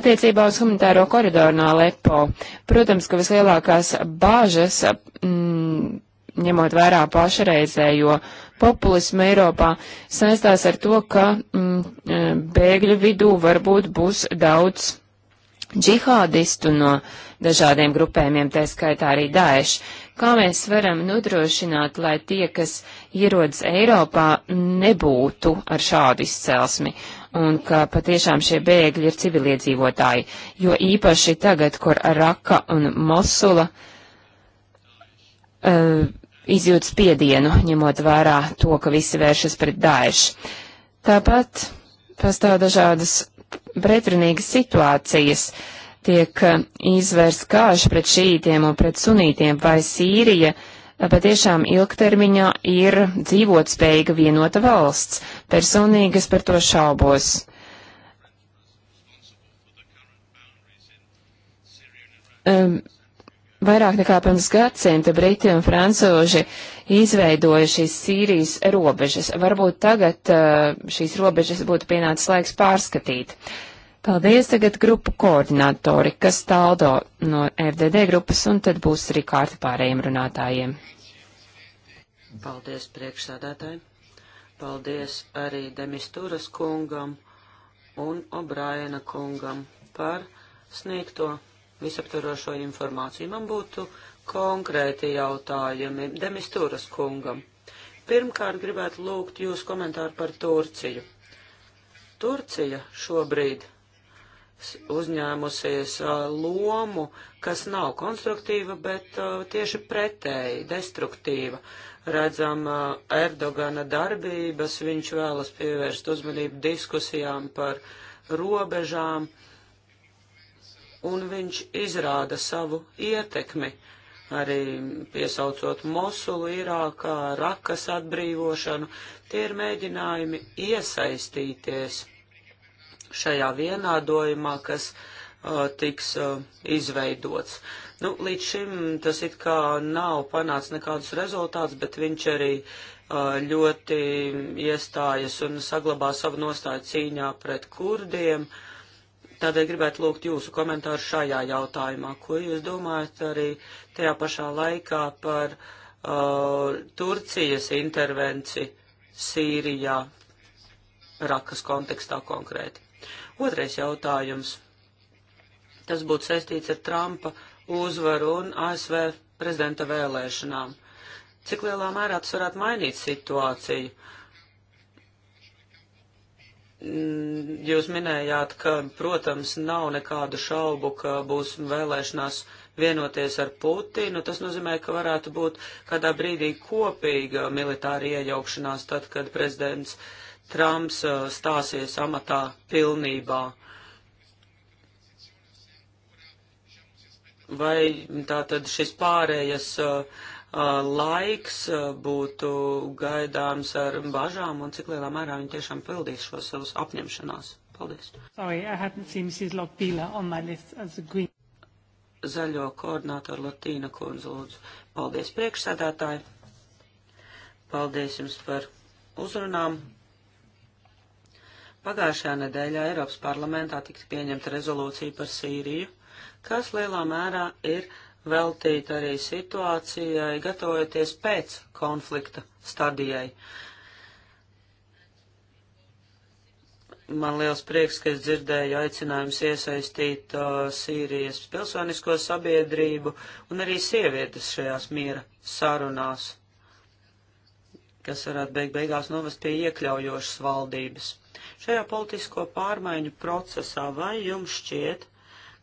Attiecībā uz humanitāro koridoru no Lepo, protams, ka vislielākās bāžas. Mm, ņemot vērā pašreizējo populismu Eiropā, saistās ar to, ka mm, e, bēgļu vidū varbūt būs daudz džihādistu no dažādiem grupējumiem, tā skaitā arī Daesh. Kā mēs varam nodrošināt, lai tie, kas ierodas Eiropā, nebūtu ar šādu izcelsmi un ka patiešām šie bēgļi ir civiliedzīvotāji, jo īpaši tagad, kur Raka un Mosula uh, izjūt spiedienu, ņemot vērā to, ka visi vēršas pret Daešu. Tāpat pastāv dažādas pretrunīgas situācijas. Tiek eh, izvērsts kāš pret šītiem un pret sunītiem, vai Sīrija eh, patiešām ilgtermiņā ir dzīvotspējīga vienota valsts. Personīgi es par to šaubos. Um, Vairāk nekā pirms gadsimta Briti un Francūži izveidoja šīs Sīrijas robežas. Varbūt tagad uh, šīs robežas būtu pienācis laiks pārskatīt. Paldies tagad grupu koordinātori, kas taldo no FDD grupas, un tad būs arī kārta pārējiem runātājiem. Paldies priekšsādātājiem. Paldies arī Demisturas kungam un Obrājana kungam par sniegto visaptvarošo informāciju. Man būtu konkrēti jautājumi Demisturas kungam. Pirmkārt, gribētu lūgt jūs komentāru par Turciju. Turcija šobrīd uzņēmusies uh, lomu, kas nav konstruktīva, bet uh, tieši pretēji destruktīva. Redzam uh, Erdogana darbības, viņš vēlas pievērst uzmanību diskusijām par robežām. Uh, un viņš izrāda savu ietekmi, arī piesaucot Mosulu, Irākā, Rakas atbrīvošanu. Tie ir mēģinājumi iesaistīties šajā vienādojumā, kas uh, tiks uh, izveidots. Nu, līdz šim tas it kā nav panācis nekādus rezultātus, bet viņš arī uh, ļoti iestājas un saglabā savu nostāju cīņā pret kurdiem. Uh, Tādēļ gribētu lūgt jūsu komentāru šajā jautājumā. Ko jūs domājat arī tajā pašā laikā par uh, Turcijas intervenci Sīrijā, Rakas kontekstā konkrēti? Otrais jautājums. Tas būtu saistīts ar Trumpa uzvaru un ASV prezidenta vēlēšanām. Cik lielā mērā tas varētu mainīt situāciju? Uh, Mm, jūs minējāt, ka, protams, nav nekādu šaubu, ka būs vēlēšanās vienoties ar Putinu. Tas nozīmē, ka varētu būt kādā brīdī kopīga militāra iejaukšanās, tad, kad prezidents Trumps uh, stāsies amatā pilnībā. Vai tātad šis pārējas uh, laiks būtu gaidāms ar bažām un cik lielā mērā viņi tiešām pildīs šos savus apņemšanās. Paldies. Sorry, I hadn't seen Mrs. Lockbiller on my list as a green. Zaļo koordinātoru Latīna kundze lūdzu. Paldies priekšsēdētāji. Paldies jums par uzrunām. Pagājušajā nedēļā Eiropas parlamentā tika pieņemta rezolūcija par Sīriju, kas lielā mērā ir veltīt arī situācijai, gatavojoties pēc konflikta stadijai. Man liels prieks, ka es dzirdēju aicinājums iesaistīt uh, Sīrijas pilsonisko sabiedrību un arī sievietes šajās miera sarunās, kas varētu beig beigās novest pie iekļaujošas valdības. Šajā politisko pārmaiņu procesā vai jums šķiet,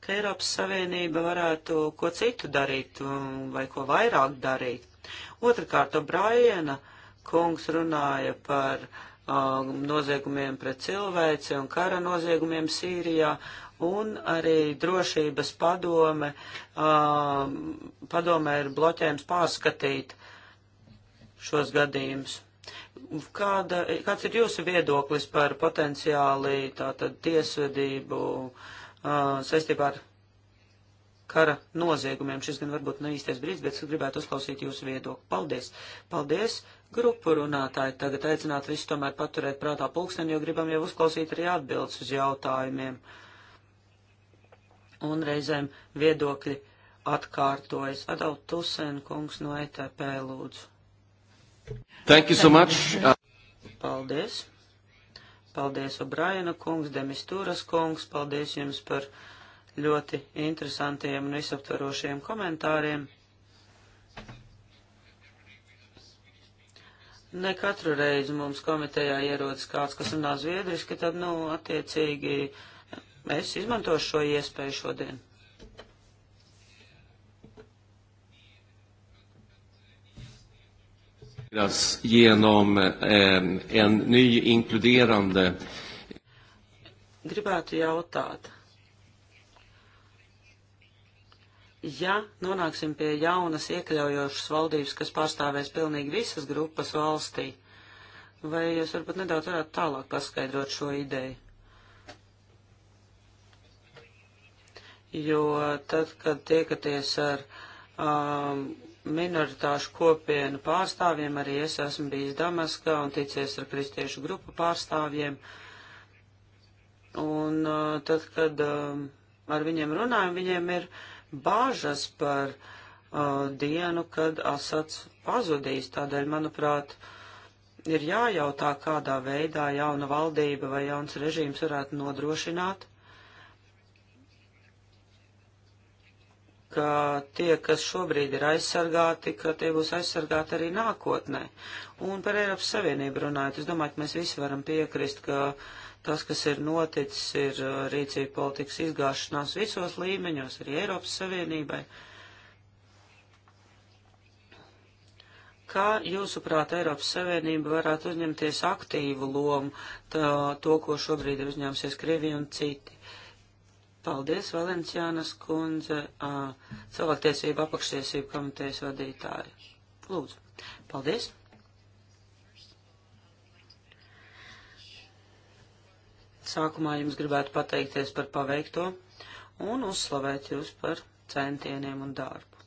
ka Eiropas Savienība varētu ko citu darīt vai ko vairāk darīt. Otrakārt, Braiena kungs runāja par um, noziegumiem pret cilvēci un kara noziegumiem Sīrijā, un arī drošības padome, um, padome ir bloķējums pārskatīt šos gadījumus. Kāda, kāds ir jūsu viedoklis par potenciāli tātad tiesvedību uh, uh, saistībā ar kara noziegumiem. Šis gan varbūt nav īstais brīdis, bet es gribētu uzklausīt jūsu viedokli. Paldies! Paldies, grupu runātāji! Tagad aicināt visus tomēr paturēt prātā pulksteni, jo gribam jau uzklausīt arī atbildes uz jautājumiem. Un reizēm viedokļi atkārtojas. Adau Tusen, kungs no ETP, lūdzu. Thank you so much. Paldies! Paldies, Obrajana kungs, Demisturas kungs, paldies jums par ļoti interesantiem un visaptvarošiem komentāriem. Ne katru reizi mums komitejā ierodas kāds, kas runā zviedriski, tad, nu, attiecīgi, es izmantošu šo iespēju šodien. Genom eh, en ny inkluderande. Gribētu jautāt, ja nonāksim pie jaunas iekļaujošas valdības, kas pārstāvēs pilnīgi visas grupas valstī, vai jūs varbūt nedaudz varētu tālāk paskaidrot šo ideju? Jo tad, kad tiekaties ar um, minoritāšu kopienu pārstāvjiem, arī es esmu bijis Damaskā un ticies ar kristiešu grupu pārstāvjiem. Un uh, tad, kad um, ar viņiem runājam, viņiem ir bāžas par uh, dienu, kad Asats pazudīs. Tādēļ, manuprāt, ir jājautā, kādā veidā jauna valdība vai jauns režīms varētu nodrošināt ka tie, kas šobrīd ir aizsargāti, ka tie būs aizsargāti arī nākotnē. Un par Eiropas Savienību runājot, es domāju, ka mēs visi varam piekrist, ka tas, kas ir noticis, ir uh, rīcība politikas izgāšanās visos līmeņos, arī Eiropas Savienībai. Kā jūsuprāt, Eiropas Savienība varētu uzņemties aktīvu lomu tā, to, ko šobrīd ir uzņēmusies Krievija un citi? Paldies, Valenciānas kundze, cilvēktiesība apakštiesība komitejas vadītāja. Lūdzu. Paldies. Sākumā jums gribētu pateikties par paveikto un uzslavēt jūs par centieniem un darbu.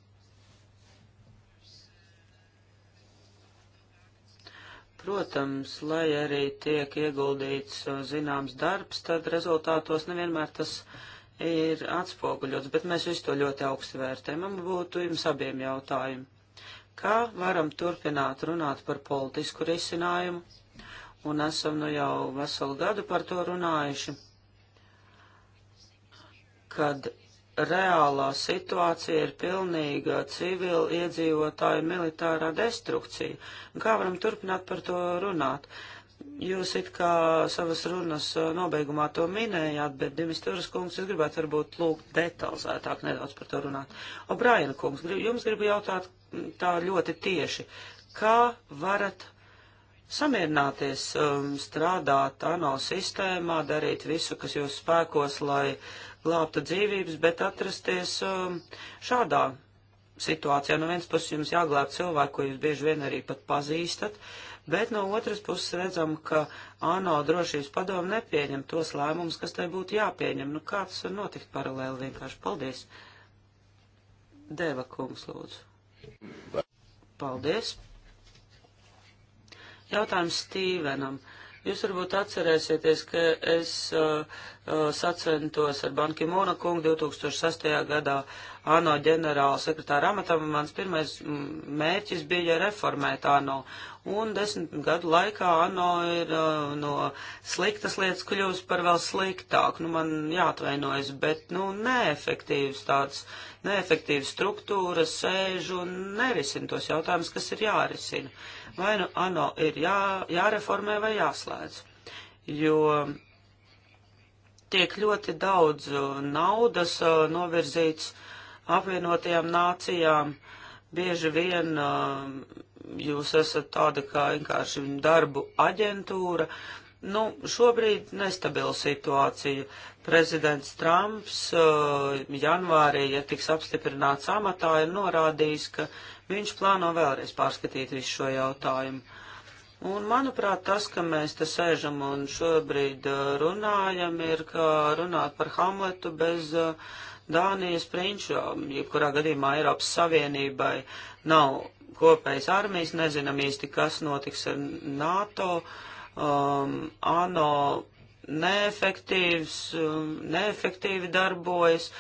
Protams, lai arī tiek ieguldīts zināms darbs, tad rezultātos nevienmēr tas uh, ir atspoguļots, bet mēs visu to ļoti augstu vērtējam. Man būtu jums abiem jautājumi. Kā varam turpināt runāt par politisku risinājumu? Un esam nu jau veselu gadu par to runājuši, kad reālā situācija ir pilnīga civila iedzīvotāja militārā destrukcija. Kā varam turpināt par to runāt? Uh, Jūs it kā savas runas uh, nobeigumā to minējāt, bet Dimis Turas kungs, es gribētu varbūt lūgt detalizētāk nedaudz par to runāt. O, Braina kungs, jums gribu jautāt tā ļoti tieši, kā varat samierināties, um, strādāt ANO sistēmā, darīt visu, kas jūs spēkos, lai glābtu dzīvības, bet atrasties um, šādā situācijā. No nu, viens puses jums jāglāb cilvēku, ko jūs bieži vien arī pat pazīstat, bet no otras puses redzam, ka ANO drošības padomu nepieņem tos lēmumus, kas tai būtu jāpieņem. Nu, kā tas var notikt paralēli vienkārši? Paldies! Deva kungs, lūdzu. Paldies! Jautājums Stīvenam. Uh, Jūs varbūt atcerēsieties, ka es uh, uh, sacentos ar Banki Mūna kungu 2006. gadā ANO ģenerāla sekretāra amatam. Mans pirmais mērķis bija reformēt ANO. Un desmit gadu laikā ANO ir uh, no sliktas lietas kļūst par vēl sliktāk. Nu, man jāatvainojas, bet, nu, neefektīvs tāds, neefektīvs struktūras sēž un nerisina tos jautājumus, kas ir jārisina. Uh, vai nu ANO ir jā, jāreformē vai jāslēdz. Jo tiek ļoti daudz uh, naudas uh, novirzīts apvienotajām nācijām. Bieži vien uh, jūs esat tāda kā vienkārši darbu aģentūra. Nu, šobrīd nestabila situācija. Prezidents Trumps janvārī, ja tiks apstiprināts amatā, ir norādījis, ka Viņš plāno vēlreiz pārskatīt visu šo jautājumu. Un, manuprāt, tas, ka mēs te sēžam un šobrīd uh, runājam, ir kā runāt par Hamletu bez uh, Dānijas prinča, um, jebkurā gadījumā Eiropas Savienībai nav kopējas armijas, nezinām īsti, kas notiks ar NATO, um, ANO neefektīvs, um, neefektīvi darbojas,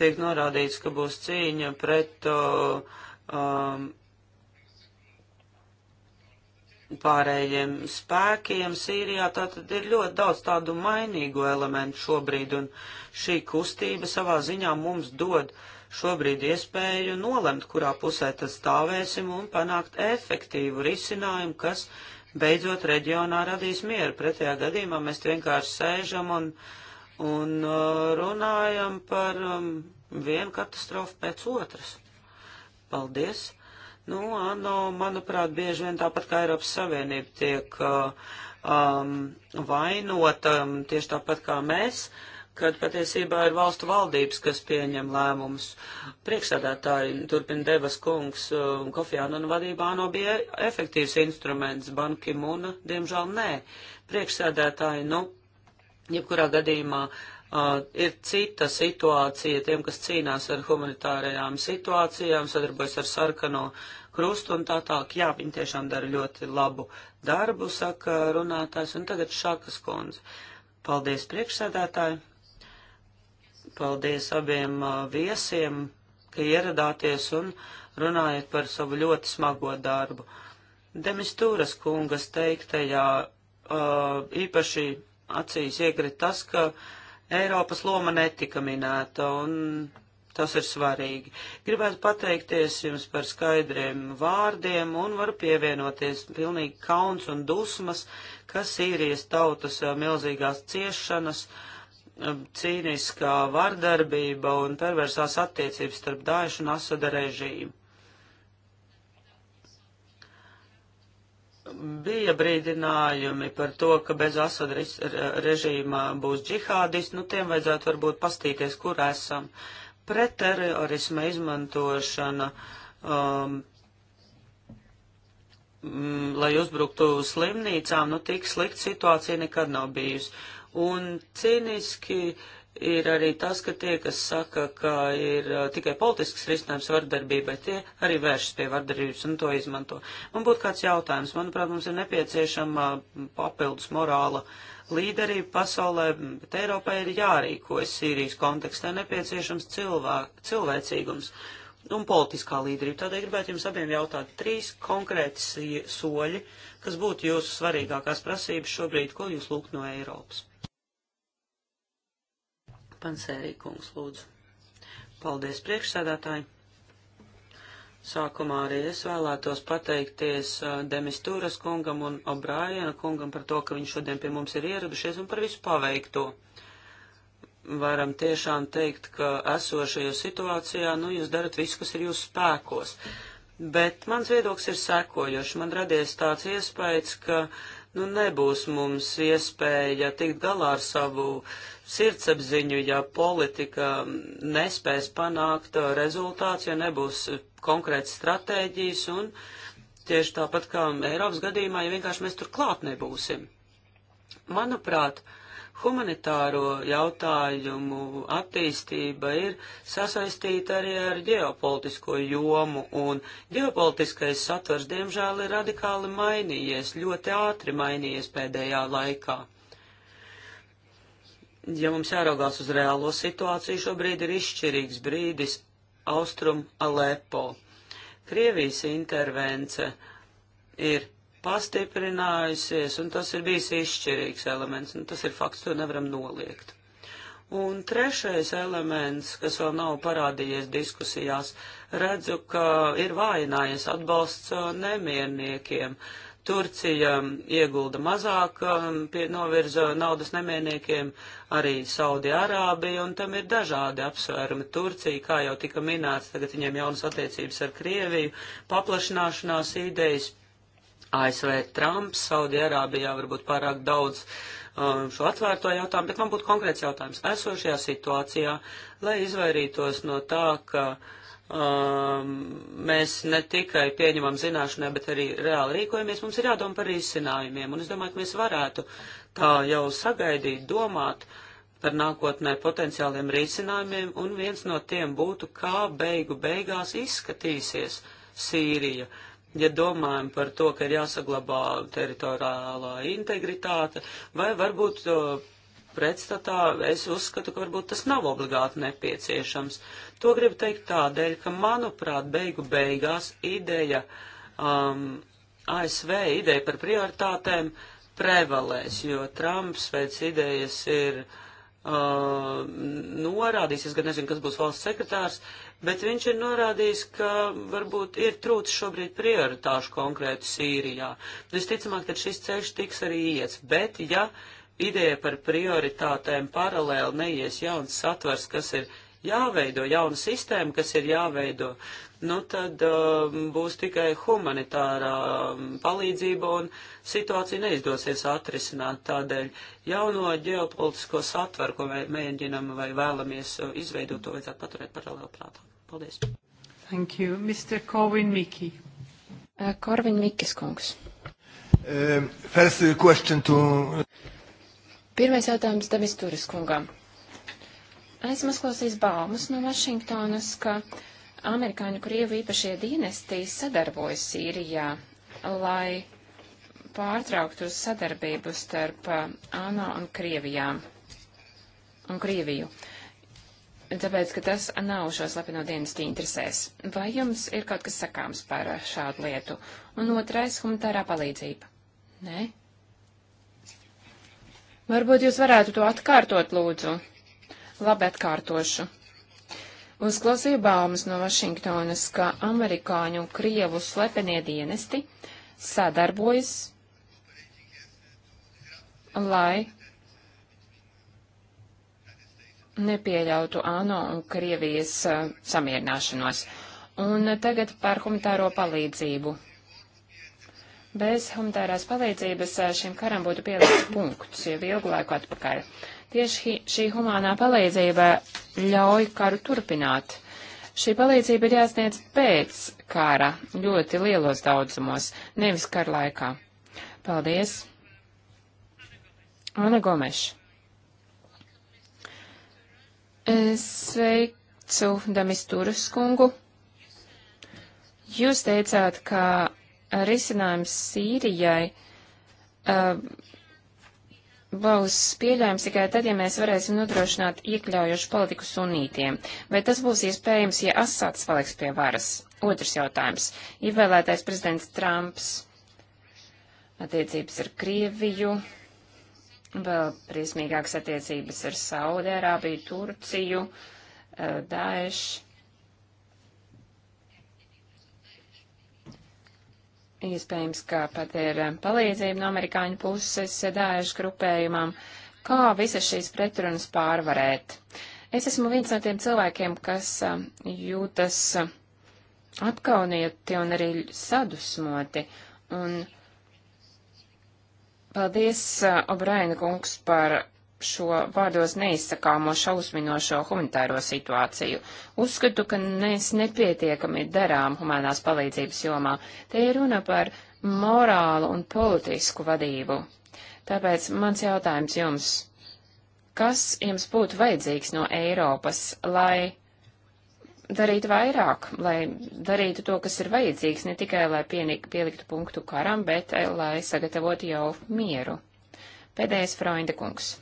tiek norādīts, ka būs cīņa pret. Uh, um, pārējiem spēkiem Sīrijā, tātad ir ļoti daudz tādu mainīgu elementu šobrīd, un šī kustība savā ziņā mums dod šobrīd iespēju nolemt, kurā pusē tad stāvēsim un panākt efektīvu risinājumu, kas beidzot reģionā radīs mieru. Pretējā gadījumā mēs vienkārši sēžam un, un uh, runājam par um, vienu katastrofu pēc otras. Paldies! Nu, ANO, manuprāt, bieži vien tāpat kā Eiropas Savienība tiek uh, um, vainota um, tieši tāpat kā mēs, kad patiesībā ir valstu valdības, kas pieņem lēmumus. Priekšsēdētāji turpina Devas kungs, um, uh, Kofijāna un vadībā ANO bija efektīvs instruments, Banki Muna, diemžēl nē. Priekšsēdētāji, nu, jebkurā gadījumā. Uh, Uh, ir cita situācija tiem, kas cīnās ar humanitārajām situācijām, sadarbojas ar sarkano krustu un tā tālāk. Jā, viņi tiešām dara ļoti labu darbu, saka runātājs. Un tagad Šakas kundze. Paldies priekšsēdētāji. Paldies abiem uh, viesiem, ka ieradāties un runājat par savu ļoti smago darbu. Demistūras kungas teiktajā uh, īpaši acīs iekrit tas, ka uh, Eiropas loma netika minēta, un tas ir svarīgi. Gribētu pateikties jums par skaidriem vārdiem, un varu pievienoties pilnīgi kauns un dusmas, ka Sīrijas tautas eh, milzīgās ciešanas, eh, cīniskā vardarbība un perversās attiecības starp Dāšu un Asada režīmu. bija brīdinājumi par to, ka bez Asad režīmā būs džihādisti, nu tiem vajadzētu varbūt pastīties, kur esam. Pretterorisma izmantošana, um, mm, lai uzbruktu slimnīcām, nu tik slikta situācija nekad nav bijusi. Un cīniski uh, ir arī tas, ka tie, kas saka, ka ir uh, tikai politisks risinājums vardarbībai, tie arī vēršas pie vardarbības un to izmanto. Man būtu kāds jautājums. Manuprāt, mums ir nepieciešama papildus morāla līderība pasaulē, bet Eiropai ir jārīkojas Sīrijas kontekstā nepieciešams cilvē, cilvēcīgums un politiskā līderība. Tādēļ gribētu jums abiem jautāt trīs konkrēti soļi, kas būtu jūsu svarīgākās prasības šobrīd, ko jūs lūgt no Eiropas. Pansērī kungs, lūdzu. Paldies priekšsēdētāji. Sākumā arī es vēlētos pateikties uh, Demis Tūras kungam un Obrājana kungam par to, ka viņi šodien pie mums ir ieradušies un par visu paveikto. Varam tiešām teikt, ka esošajā situācijā, nu, jūs darat visu, kas ir jūsu spēkos. Bet mans viedoklis ir sekojošs. Man radies tāds iespējas, ka uh, nu, nebūs mums iespēja tikt galā ar savu sirdsapziņu, ja politika nespēs panākt uh, rezultāts, ja nebūs uh, konkrēts stratēģijas un tieši tāpat kā Eiropas gadījumā, ja vienkārši mēs tur klāt nebūsim. Manuprāt, uh, humanitāro jautājumu attīstība ir sasaistīta arī ar ģeopolitisko jomu, un ģeopolitiskais satvers, diemžēl, ir radikāli mainījies, ļoti ātri mainījies pēdējā laikā. Ja mums jāraugās uz reālo situāciju, šobrīd ir izšķirīgs brīdis Austrum Alepo. Krievijas intervence ir pastiprinājusies, un tas ir bijis izšķirīgs elements, un tas ir fakts, to nevaram noliegt. Un trešais elements, kas vēl nav parādījies diskusijās, redzu, ka ir vājinājies atbalsts uh, nemierniekiem. Turcija um, iegulda mazāk, um, pie, novirza naudas nemierniekiem, arī Saudi-Arābija, un tam ir dažādi apsvērumi. Turcija, kā jau tika minēts, tagad viņiem jaunas attiecības ar Krieviju, paplašināšanās idejas, ASV Trumps, Saudi-Arābijā varbūt pārāk daudz uh, šo atvērto jautājumu, bet man būtu konkrēts jautājums. Esošajā situācijā, lai izvairītos no tā, ka um, mēs ne tikai pieņemam zināšanai, bet arī reāli rīkojamies, mums ir jādomā par risinājumiem. Un es domāju, ka mēs varētu tā jau sagaidīt, domāt par nākotnē potenciāliem risinājumiem, un viens no tiem būtu, kā beigu beigās izskatīsies Sīrija. Uh, ja domājam par to, ka ir jāsaglabā teritoriālā integritāte, vai varbūt pretstatā es uzskatu, ka varbūt tas nav obligāti nepieciešams. To gribu teikt tādēļ, ka, manuprāt, beigu beigās ideja, um, ASV ideja par prioritātēm prevalēs, jo Trumps pēc idejas ir uh, norādījis, es gan nezinu, kas būs valsts sekretārs, uh, bet viņš ir norādījis, ka varbūt ir trūcis šobrīd prioritāšu konkrētu Sīrijā. Visticamāk, tad šis ceļš tiks arī iets, bet ja ideja par prioritātēm paralēli neies jauns satvers, kas ir jāveido, jauna sistēma, kas ir jāveido, nu tad um, būs tikai humanitārā um, palīdzība un situācija neizdosies atrisināt. Tādēļ jauno ģeopolitisko satvaru, ko mēģinam vai vēlamies uh, izveidot, to vajadzētu paturēt paralēli prātā. Paldies. Thank you. Mr. Corvin Miki. Korvin uh, Mikis kungs. Um, first question to... Pirmais jautājums Davis Turis kungam. Esmu uzklausījis baumas no Vašingtonas, ka amerikāņu krievu īpašie dienestī sadarbojas Sīrijā, lai pārtrauktu sadarbību starp uh, ANO un Krievijām un Krieviju. Uh, tāpēc, ka tas nav šo slepeno dienestu interesēs. Vai jums ir kaut kas sakāms par šādu lietu? Un otrais - humanitārā palīdzība. Nē? Varbūt jūs varētu to atkārtot, lūdzu. Labi, atkārtošu. Uzklausīju baumas no Vašingtonas, ka amerikāņu un krievu slepenie dienesti sadarbojas, lai nepieļautu ANO un Krievijas uh, samierināšanos. Un tagad par humanitāro palīdzību. Bez humanitārās palīdzības eh, šim karam būtu pielikts punkts jau ilgu laiku atpakaļ. Tieši šī humānā palīdzība ļauj karu turpināt. Šī palīdzība ir jāsniedz pēc kara ļoti lielos daudzumos, nevis kara laikā. Paldies! Ana Gomeša. Sveicu Damisturus kungu. Jūs teicāt, ka risinājums Sīrijai uh, būs pieļaujams tikai tad, ja mēs varēsim nodrošināt iekļaujošu politiku sunītiem. Vai tas būs iespējams, ja Asāds paliks pie varas? Otrs jautājums. Ievēlētais prezidents Trumps attiecības ar Krieviju vēl briesmīgākas attiecības ar Saudērābiju, Turciju, eh, Daesh. Iespējams, ka pat ir eh, palīdzība no amerikāņu puses Daesh grupējumam. Kā visas šīs pretrunas pārvarēt? Es esmu viens no tiem cilvēkiem, kas eh, jūtas apkaunieti un arī sadusmoti. Un Paldies, uh, Obraina kungs, par šo vārdos neizsakāmo šausminošo humanitāro situāciju. Uzskatu, ka mēs nepietiekami darām humanās palīdzības jomā. Te ir runa par morālu un politisku vadību. Tāpēc mans jautājums jums. Kas jums būtu vajadzīgs no Eiropas, lai darīt vairāk, lai darītu to, kas ir vajadzīgs, ne tikai lai pienik, pieliktu punktu karam, bet eh, lai sagatavotu jau mieru. Pēdējais Freunde kungs.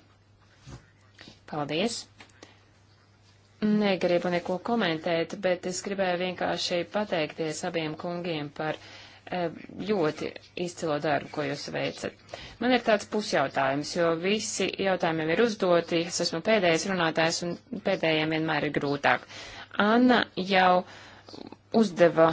Paldies! Negribu neko komentēt, bet es gribēju vienkārši pateikties abiem kungiem par eh, ļoti izcilo darbu, ko jūs veicat. Man ir tāds pusjautājums, jo visi jautājumiem ir uzdoti, es esmu pēdējais runātājs un pēdējiem vienmēr ir grūtāk. Anna jau uzdeva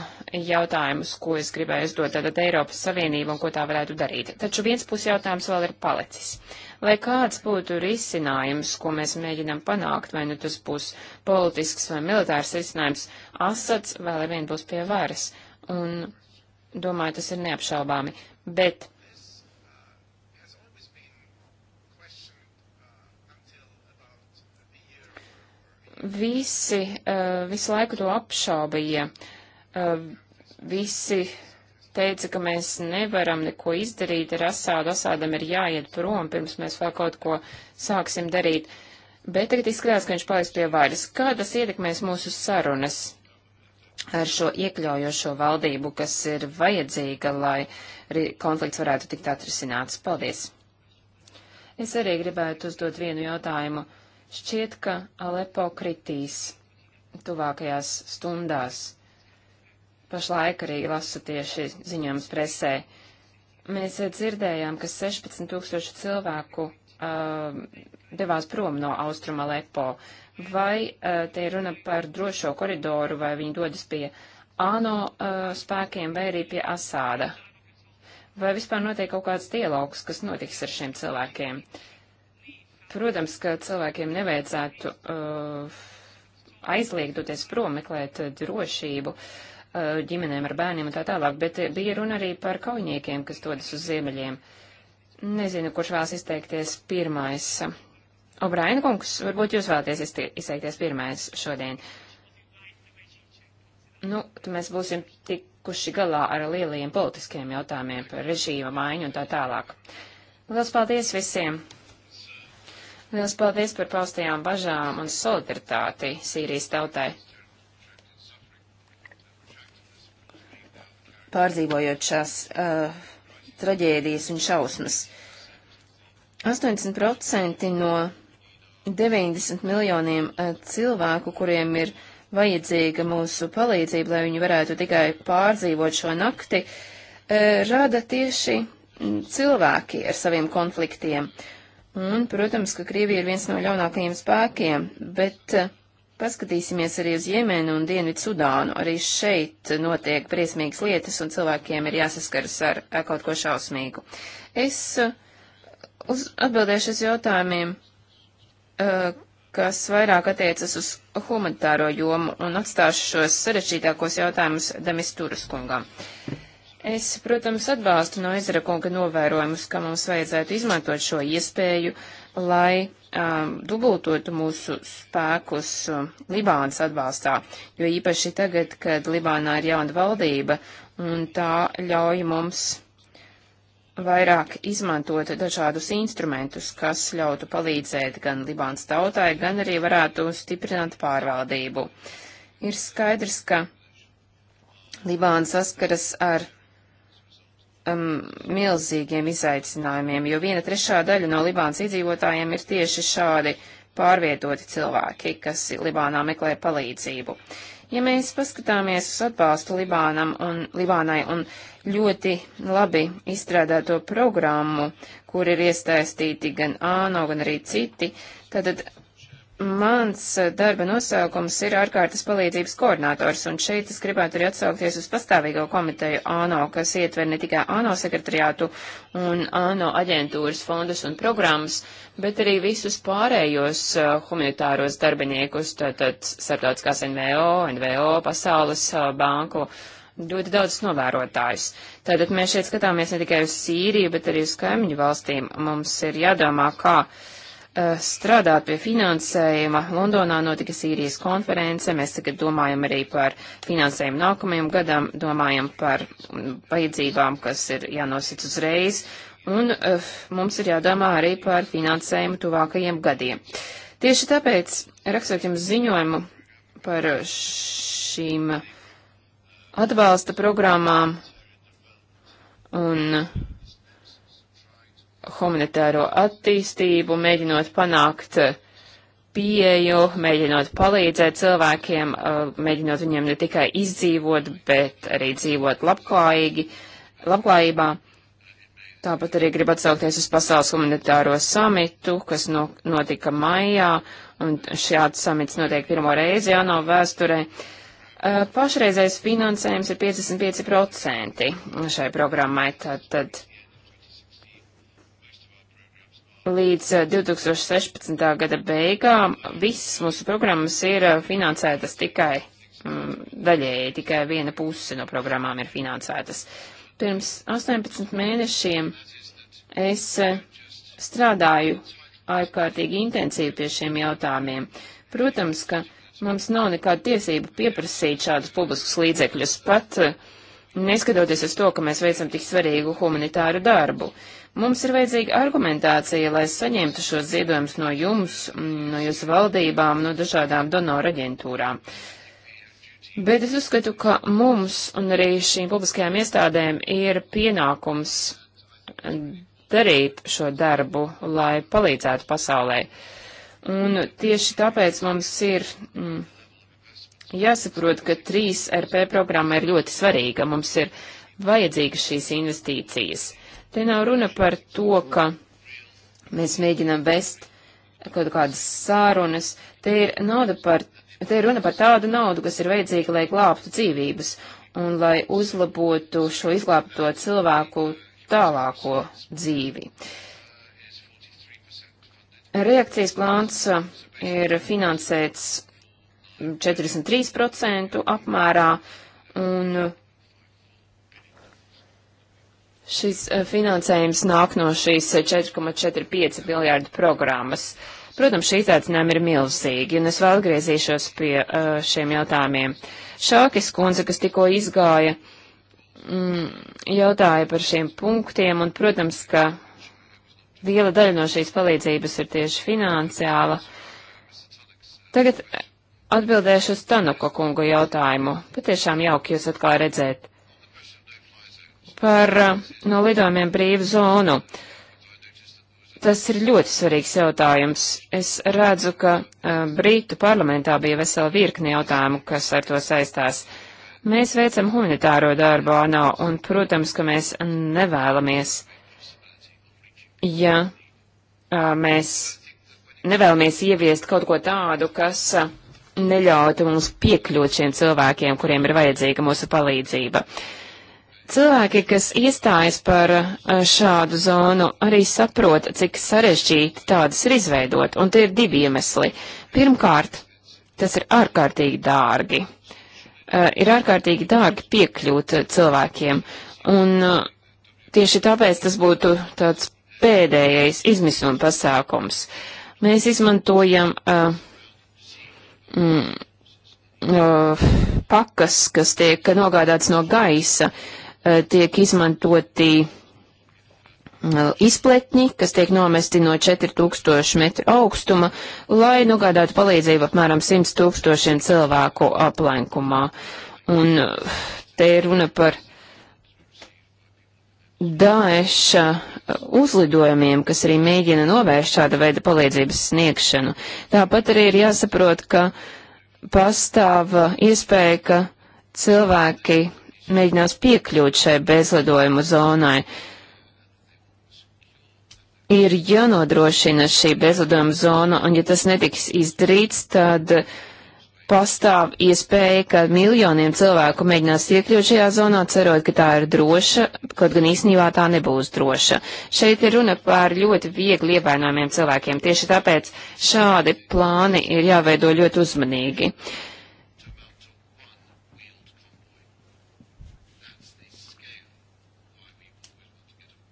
jautājumus, ko es gribēju uzdot tātad Eiropas Savienību un ko tā varētu darīt. Taču viens pusjautājums vēl ir palicis. Lai kāds būtu risinājums, ko mēs mēģinām panākt, vai nu tas būs politisks vai militārs risinājums, Asats vēl vien būs pie varas. Un domāju, tas ir neapšaubāmi. Bet visi eh, visu laiku to apšaubīja. Eh, visi teica, ka mēs nevaram neko izdarīt ar Asādu, Asādam ir jāiet prom, pirms mēs vēl kaut ko sāksim darīt. Bet tagad izskatās, ka viņš paliks pie varas. Kā tas ietekmēs mūsu sarunas ar šo iekļaujošo valdību, kas ir vajadzīga, lai konflikts varētu tikt atrisināts? Paldies! Es arī gribētu uzdot vienu jautājumu. Šķiet, ka Alepo kritīs tuvākajās stundās. Pašlaik arī lasu tieši ziņojums presē. Mēs dzirdējām, ka 16 tūkstoši cilvēku uh, devās prom no austruma Alepo. Vai uh, te ir runa par drošo koridoru, vai viņi dodas pie ANO uh, spēkiem, vai arī pie Asāda? Vai vispār notiek kaut kāds dialogs, kas notiks ar šiem cilvēkiem? Uh, Protams, ka cilvēkiem nevajadzētu uh, aizliegt doties prom, meklēt uh, drošību uh, ģimenēm ar bērniem un tā tālāk, bet uh, bija runa arī par kaujiniekiem, kas dodas uz ziemeļiem. Nezinu, kurš vēlas izteikties pirmais. Obraina kungs, varbūt jūs vēlaties izteikties pirmais šodien. Nu, tad mēs būsim tikuši galā ar lielajiem politiskiem jautājumiem par režīma maiņu un tā tālāk. Lielas paldies visiem! Liels paldies par paustajām bažām un solidaritāti Sīrijas tautai. Pārdzīvojot šās uh, traģēdijas un šausmas. 80% no 90 miljoniem uh, cilvēku, kuriem ir vajadzīga mūsu palīdzība, lai viņi varētu tikai pārdzīvot šo nakti, uh, rada tieši mm, cilvēki ar saviem konfliktiem. Uh, Un, protams, ka Krievija ir viens no ļaunākajiem spēkiem, bet eh, paskatīsimies arī uz Jemenu un Dienvidu Sudānu. Arī šeit notiek briesmīgas lietas un cilvēkiem ir jāsaskaras ar, ar kaut ko šausmīgu. Es eh, uz, atbildēšu uz jautājumiem, eh, kas vairāk attiecas uz humanitāro jomu un atstāšu šos sarežģītākos jautājumus Demis Turas kungam. Uh, Es, protams, atbalstu no ezera kunga novērojumus, ka mums vajadzētu izmantot šo iespēju, lai um, dubultotu mūsu spēkus um, Libānas atbalstā, jo īpaši tagad, kad Libānā ir jauna valdība, un tā ļauj mums vairāk izmantot dažādus instrumentus, kas ļautu palīdzēt gan Libānas tautai, gan arī varētu stiprināt pārvaldību. Ir skaidrs, ka Libāna saskaras ar um, milzīgiem izaicinājumiem, jo viena trešā daļa no Libānas iedzīvotājiem ir tieši šādi pārvietoti cilvēki, kas Libānā meklē palīdzību. Ja mēs paskatāmies uz atbalstu Libānam un Libānai un ļoti labi izstrādāto programmu, kur ir iesaistīti gan ANO, gan arī citi, tad Mans eh, darba nosaukums ir ārkārtas palīdzības koordinators, un šeit es gribētu arī atsaukties uz pastāvīgo komiteju ANO, kas ietver ne tikai ANO sekretariātu un ANO aģentūras fondus un programmas, bet arī visus pārējos uh, humanitāros darbiniekus, tātad starptautiskās NVO, NVO, Pasaules uh, banku, ļoti daudz novērotājus. Tātad mēs šeit skatāmies ne tikai uz Sīriju, bet arī uz kaimiņu valstīm. Mums ir jādomā, kā. Ka Eh, strādāt pie finansējuma. Londonā notika Sīrijas konference, mēs tagad domājam arī par finansējumu nākamajam gadam, domājam par mm, vajadzībām, kas ir jānosit uzreiz, un uh, mums ir jādomā arī par finansējumu tuvākajiem gadiem. Tieši tāpēc rakstot jums ziņojumu par šīm atbalsta programmām un uh, humanitāro attīstību, mēģinot panākt eh, pieeju, mēģinot palīdzēt cilvēkiem, eh, mēģinot viņiem ne tikai izdzīvot, bet arī dzīvot labklājīgi, labklājībā. Tāpat arī gribu atsaukties uz Pasaules humanitāro samitu, kas no, notika maijā, un šāds samits notiek pirmo reizi jauno vēsturē. Eh, pašreizējais finansējums ir 55% šai programmai, tad, tad Līdz 2016. Eh, gada beigām visas mūsu programmas ir eh, finansētas tikai mm, daļēji, tikai viena puse no programmām ir finansētas. Pirms 18 mēnešiem es eh, strādāju ārkārtīgi intensīvi pie šiem jautājumiem. Protams, ka mums nav nekāda tiesība pieprasīt šādus publiskus līdzekļus, pat uh, neskatoties uz to, ka mēs veicam tik svarīgu humanitāru darbu. Mums ir vajadzīga argumentācija, lai saņemtu šos ziedojumus no jums, mm, no jūsu valdībām, no dažādām donoru aģentūrām. Bet es uzskatu, ka mums un arī šīm publiskajām iestādēm ir pienākums darīt šo darbu, lai palīdzētu pasaulē. Un tieši tāpēc mums ir. Mm, Jāsaprot, ka 3RP programma ir ļoti svarīga. Mums ir vajadzīgas šīs investīcijas. Te nav runa par to, ka mēs mēģinām vest kaut kādas sārunas. Te ir, nauda par, te ir runa par tādu naudu, kas ir vajadzīga, lai glābtu dzīvības un lai uzlabotu šo izglābto cilvēku tālāko dzīvi. Reakcijas plāns ir finansēts 43% apmērā, un šis eh, finansējums nāk no šīs 4,45 miljārdu programmas. Protams, šī izaicinājuma ir milzīgi, un es vēl atgriezīšos pie uh, šiem jautājumiem. Šākis kundze, kas tikko izgāja, mm, jautāja par šiem punktiem, un, protams, ka liela daļa no šīs palīdzības ir tieši finansiāla. Tagad Atbildēšu uz Tanuka kungu jautājumu. Patiešām jauki jūs atkal redzēt. Par uh, no lidojumiem brīvu zonu. Tas ir ļoti svarīgs jautājums. Es redzu, ka uh, Brītu parlamentā bija vesela virkni jautājumu, kas ar to saistās. Mēs veicam humanitāro darbu ANO, un, protams, ka mēs nevēlamies, ja uh, mēs nevēlamies ieviest kaut ko tādu, kas uh, neļautu mums piekļūt šiem cilvēkiem, kuriem ir vajadzīga mūsu palīdzība. Cilvēki, kas iestājas par šādu zonu, arī saprot, cik sarežģīti tādas ir izveidot, un te ir divi iemesli. Pirmkārt, tas ir ārkārtīgi dārgi. Ir ārkārtīgi dārgi piekļūt cilvēkiem, un tieši tāpēc tas būtu tāds pēdējais izmisuma pasākums. Mēs izmantojam uh, mm, uh, pakas, kas tiek nogādāts no gaisa, uh, tiek izmantoti uh, izpletņi, kas tiek nomesti no 4000 metru augstuma, lai nogādātu palīdzību apmēram 100 tūkstošiem cilvēku aplenkumā. Un te ir runa par Daeša uh, uzlidojumiem, kas arī mēģina novērst šāda veida palīdzības sniegšanu. Tāpat arī ir jāsaprot, ka pastāv uh, iespēja, ka cilvēki mēģinās piekļūt šai bezlidojumu zonai. Ir jānodrošina šī bezlidojuma zona, un ja tas netiks izdarīts, tad uh, pastāv iespēja, ka miljoniem cilvēku mēģinās iekļūt šajā zonā, cerot, ka tā ir droša, kaut gan īsnībā tā nebūs droša. Šeit ir runa par ļoti viegli ievainojumiem cilvēkiem, tieši tāpēc šādi plāni ir jāveido ļoti uzmanīgi.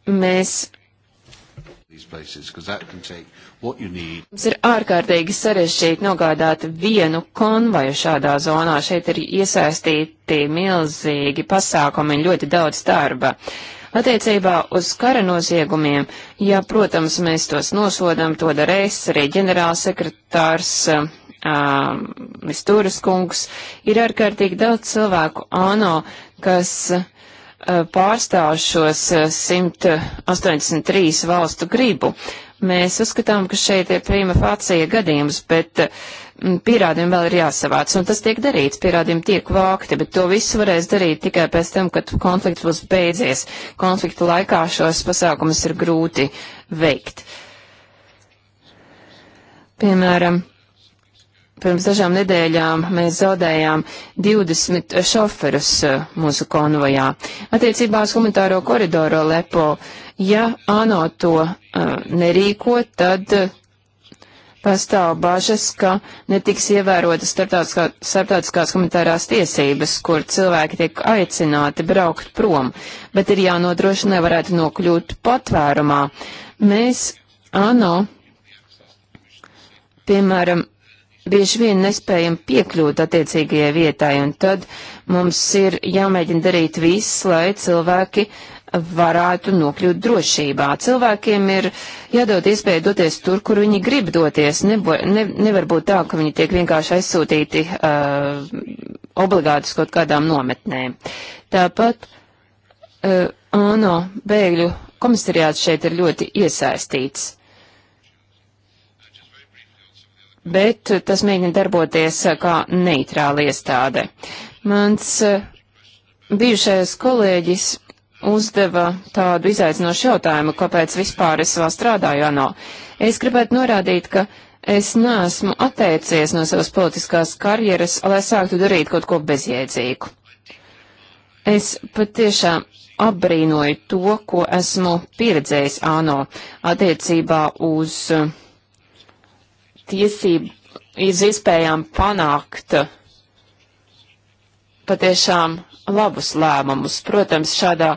Mēs. These places, because that can take Mums ir ārkārtīgi sarežģīti nogādāt vienu konvoju šādā zonā. Šeit ir iesaistīti milzīgi pasākumi un ļoti daudz darba. Attiecībā uz kara noziegumiem, ja, protams, mēs tos nosodam, to dara es, arī ģenerālsekretārs um, Misturas kungs, ir ārkārtīgi daudz cilvēku ANO, kas uh, pārstāv šos 183 valstu gribu. Uh, Mēs uzskatām, ka šeit ir prima facija gadījums, bet eh, pierādījumi vēl ir jāsavāc, un tas tiek darīts, pierādījumi tiek vākti, bet to visu varēs darīt tikai pēc tam, kad konflikts būs beidzies. Konflikta laikā šos pasākumus ir grūti veikt. Piemēram, Pirms dažām nedēļām mēs zaudējām 20 šoferus eh, mūsu konvojā. Attiecībā uz humanitāro koridoru Lepo, ja ANO to uh, nerīko, tad eh, pastāv bažas, ka netiks ievērotas starptautiskā, starptautiskās humanitārās tiesības, kur cilvēki tiek aicināti braukt prom, bet ir jānodrošina, lai varētu nokļūt patvērumā. Mēs ANO, piemēram, bieži vien nespējam piekļūt attiecīgajai vietai, un tad mums ir jāmēģina darīt viss, lai cilvēki varētu nokļūt drošībā. Cilvēkiem ir jādod iespēja doties tur, kur viņi grib doties. Nebo, ne, nevar būt tā, ka viņi tiek vienkārši aizsūtīti uh, obligāti uz kaut kādām nometnēm. Tāpat uh, ANO bēgļu komisariāts šeit ir ļoti iesaistīts. bet tas mēģina darboties eh, kā neitrāla iestāde. Mans eh, bijušais kolēģis uzdeva tādu izaicinošu jautājumu, kāpēc vispār es vēl strādāju ANO. Es gribētu norādīt, ka es neesmu atteicies no savas politiskās karjeras, lai sāktu darīt kaut ko bezjēdzīgu. Es patiešām apbrīnoju to, ko esmu pieredzējis ANO attiecībā uz uh, tiesību iz iespējām panākt patiešām labus lēmumus. Protams, šādā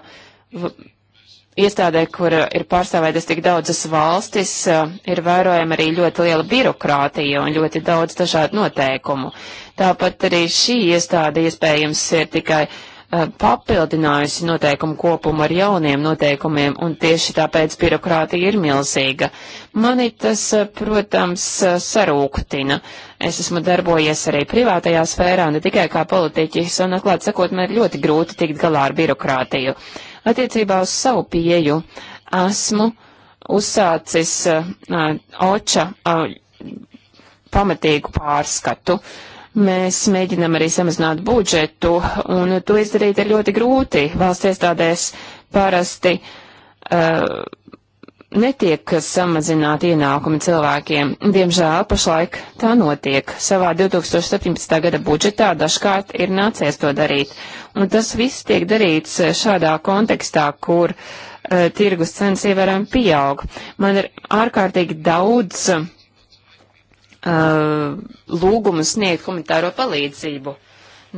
iestādē, kur ir pārstāvētas tik daudzas valstis, ir vērojama arī ļoti liela birokrātija un ļoti daudz dažādu noteikumu. Tāpat arī šī iestāde iespējams ir tikai uh, Eh, papildinājusi noteikumu kopumu ar jauniem noteikumiem, un tieši tāpēc birokrātija ir milzīga. Mani tas, eh, protams, eh, sarūktina. Es esmu darbojies arī privātajā sfērā, ne tikai kā politiķis, un atklāt sakot, man ir ļoti grūti tikt galā ar birokrātiju. Attiecībā uz savu pieju esmu uzsācis uh, oča uh, pamatīgu pārskatu. Uh, Mēs mēģinam arī samazināt budžetu, un to izdarīt ir ļoti grūti. Valsts iestādēs parasti uh, netiek samazināti ienākumi cilvēkiem. Diemžēl pašlaik tā notiek. Savā 2017. gada budžetā dažkārt ir nācies to darīt. Un tas viss tiek darīts šādā kontekstā, kur uh, tirgus cenas ievērām pieaug. Man ir ārkārtīgi daudz. Uh, Uh, lūgumu sniegt humanitāro palīdzību.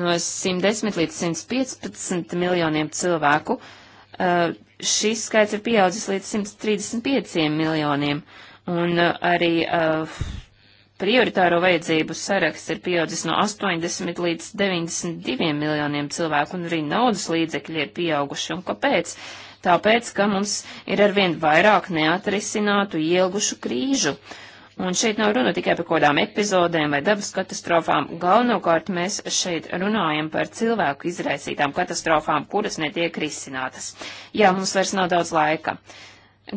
No 110 līdz 115 miljoniem cilvēku uh, šis skaits ir pieaudzis līdz 135 miljoniem, un uh, arī prioritāro vajadzību saraksts ir pieaudzis no 80 līdz 92 miljoniem cilvēku, un arī naudas līdzekļi ir pieauguši. Un kāpēc? Tāpēc, ka mums ir arvien vairāk neatrisinātu ielgušu krīžu. Uh, Un šeit nav runa tikai par kādām epizodēm vai dabas katastrofām. Galvenokārt mēs šeit runājam par cilvēku izraisītām katastrofām, kuras netiek risinātas. Jā, mums vairs nav daudz laika.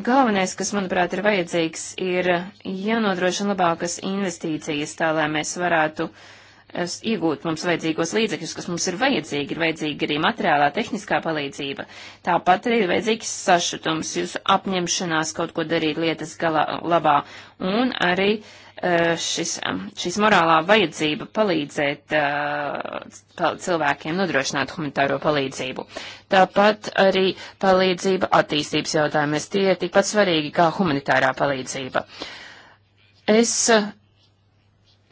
Galvenais, kas, manuprāt, ir vajadzīgs, ir jānodrošina labākas investīcijas, tā lai mēs varētu uh, iegūt mums vajadzīgos līdzekļus, kas mums ir vajadzīgi. Ir vajadzīga arī materiālā, tehniskā palīdzība. Tāpat arī ir vajadzīgs sašutums, jūsu apņemšanās kaut ko darīt lietas galā, labā. Un arī e, šis, šis morālā vajadzība palīdzēt e, cilvēkiem nodrošināt humanitāro palīdzību. Tāpat arī palīdzība attīstības jautājumies tie ir tikpat svarīgi kā humanitārā palīdzība. Es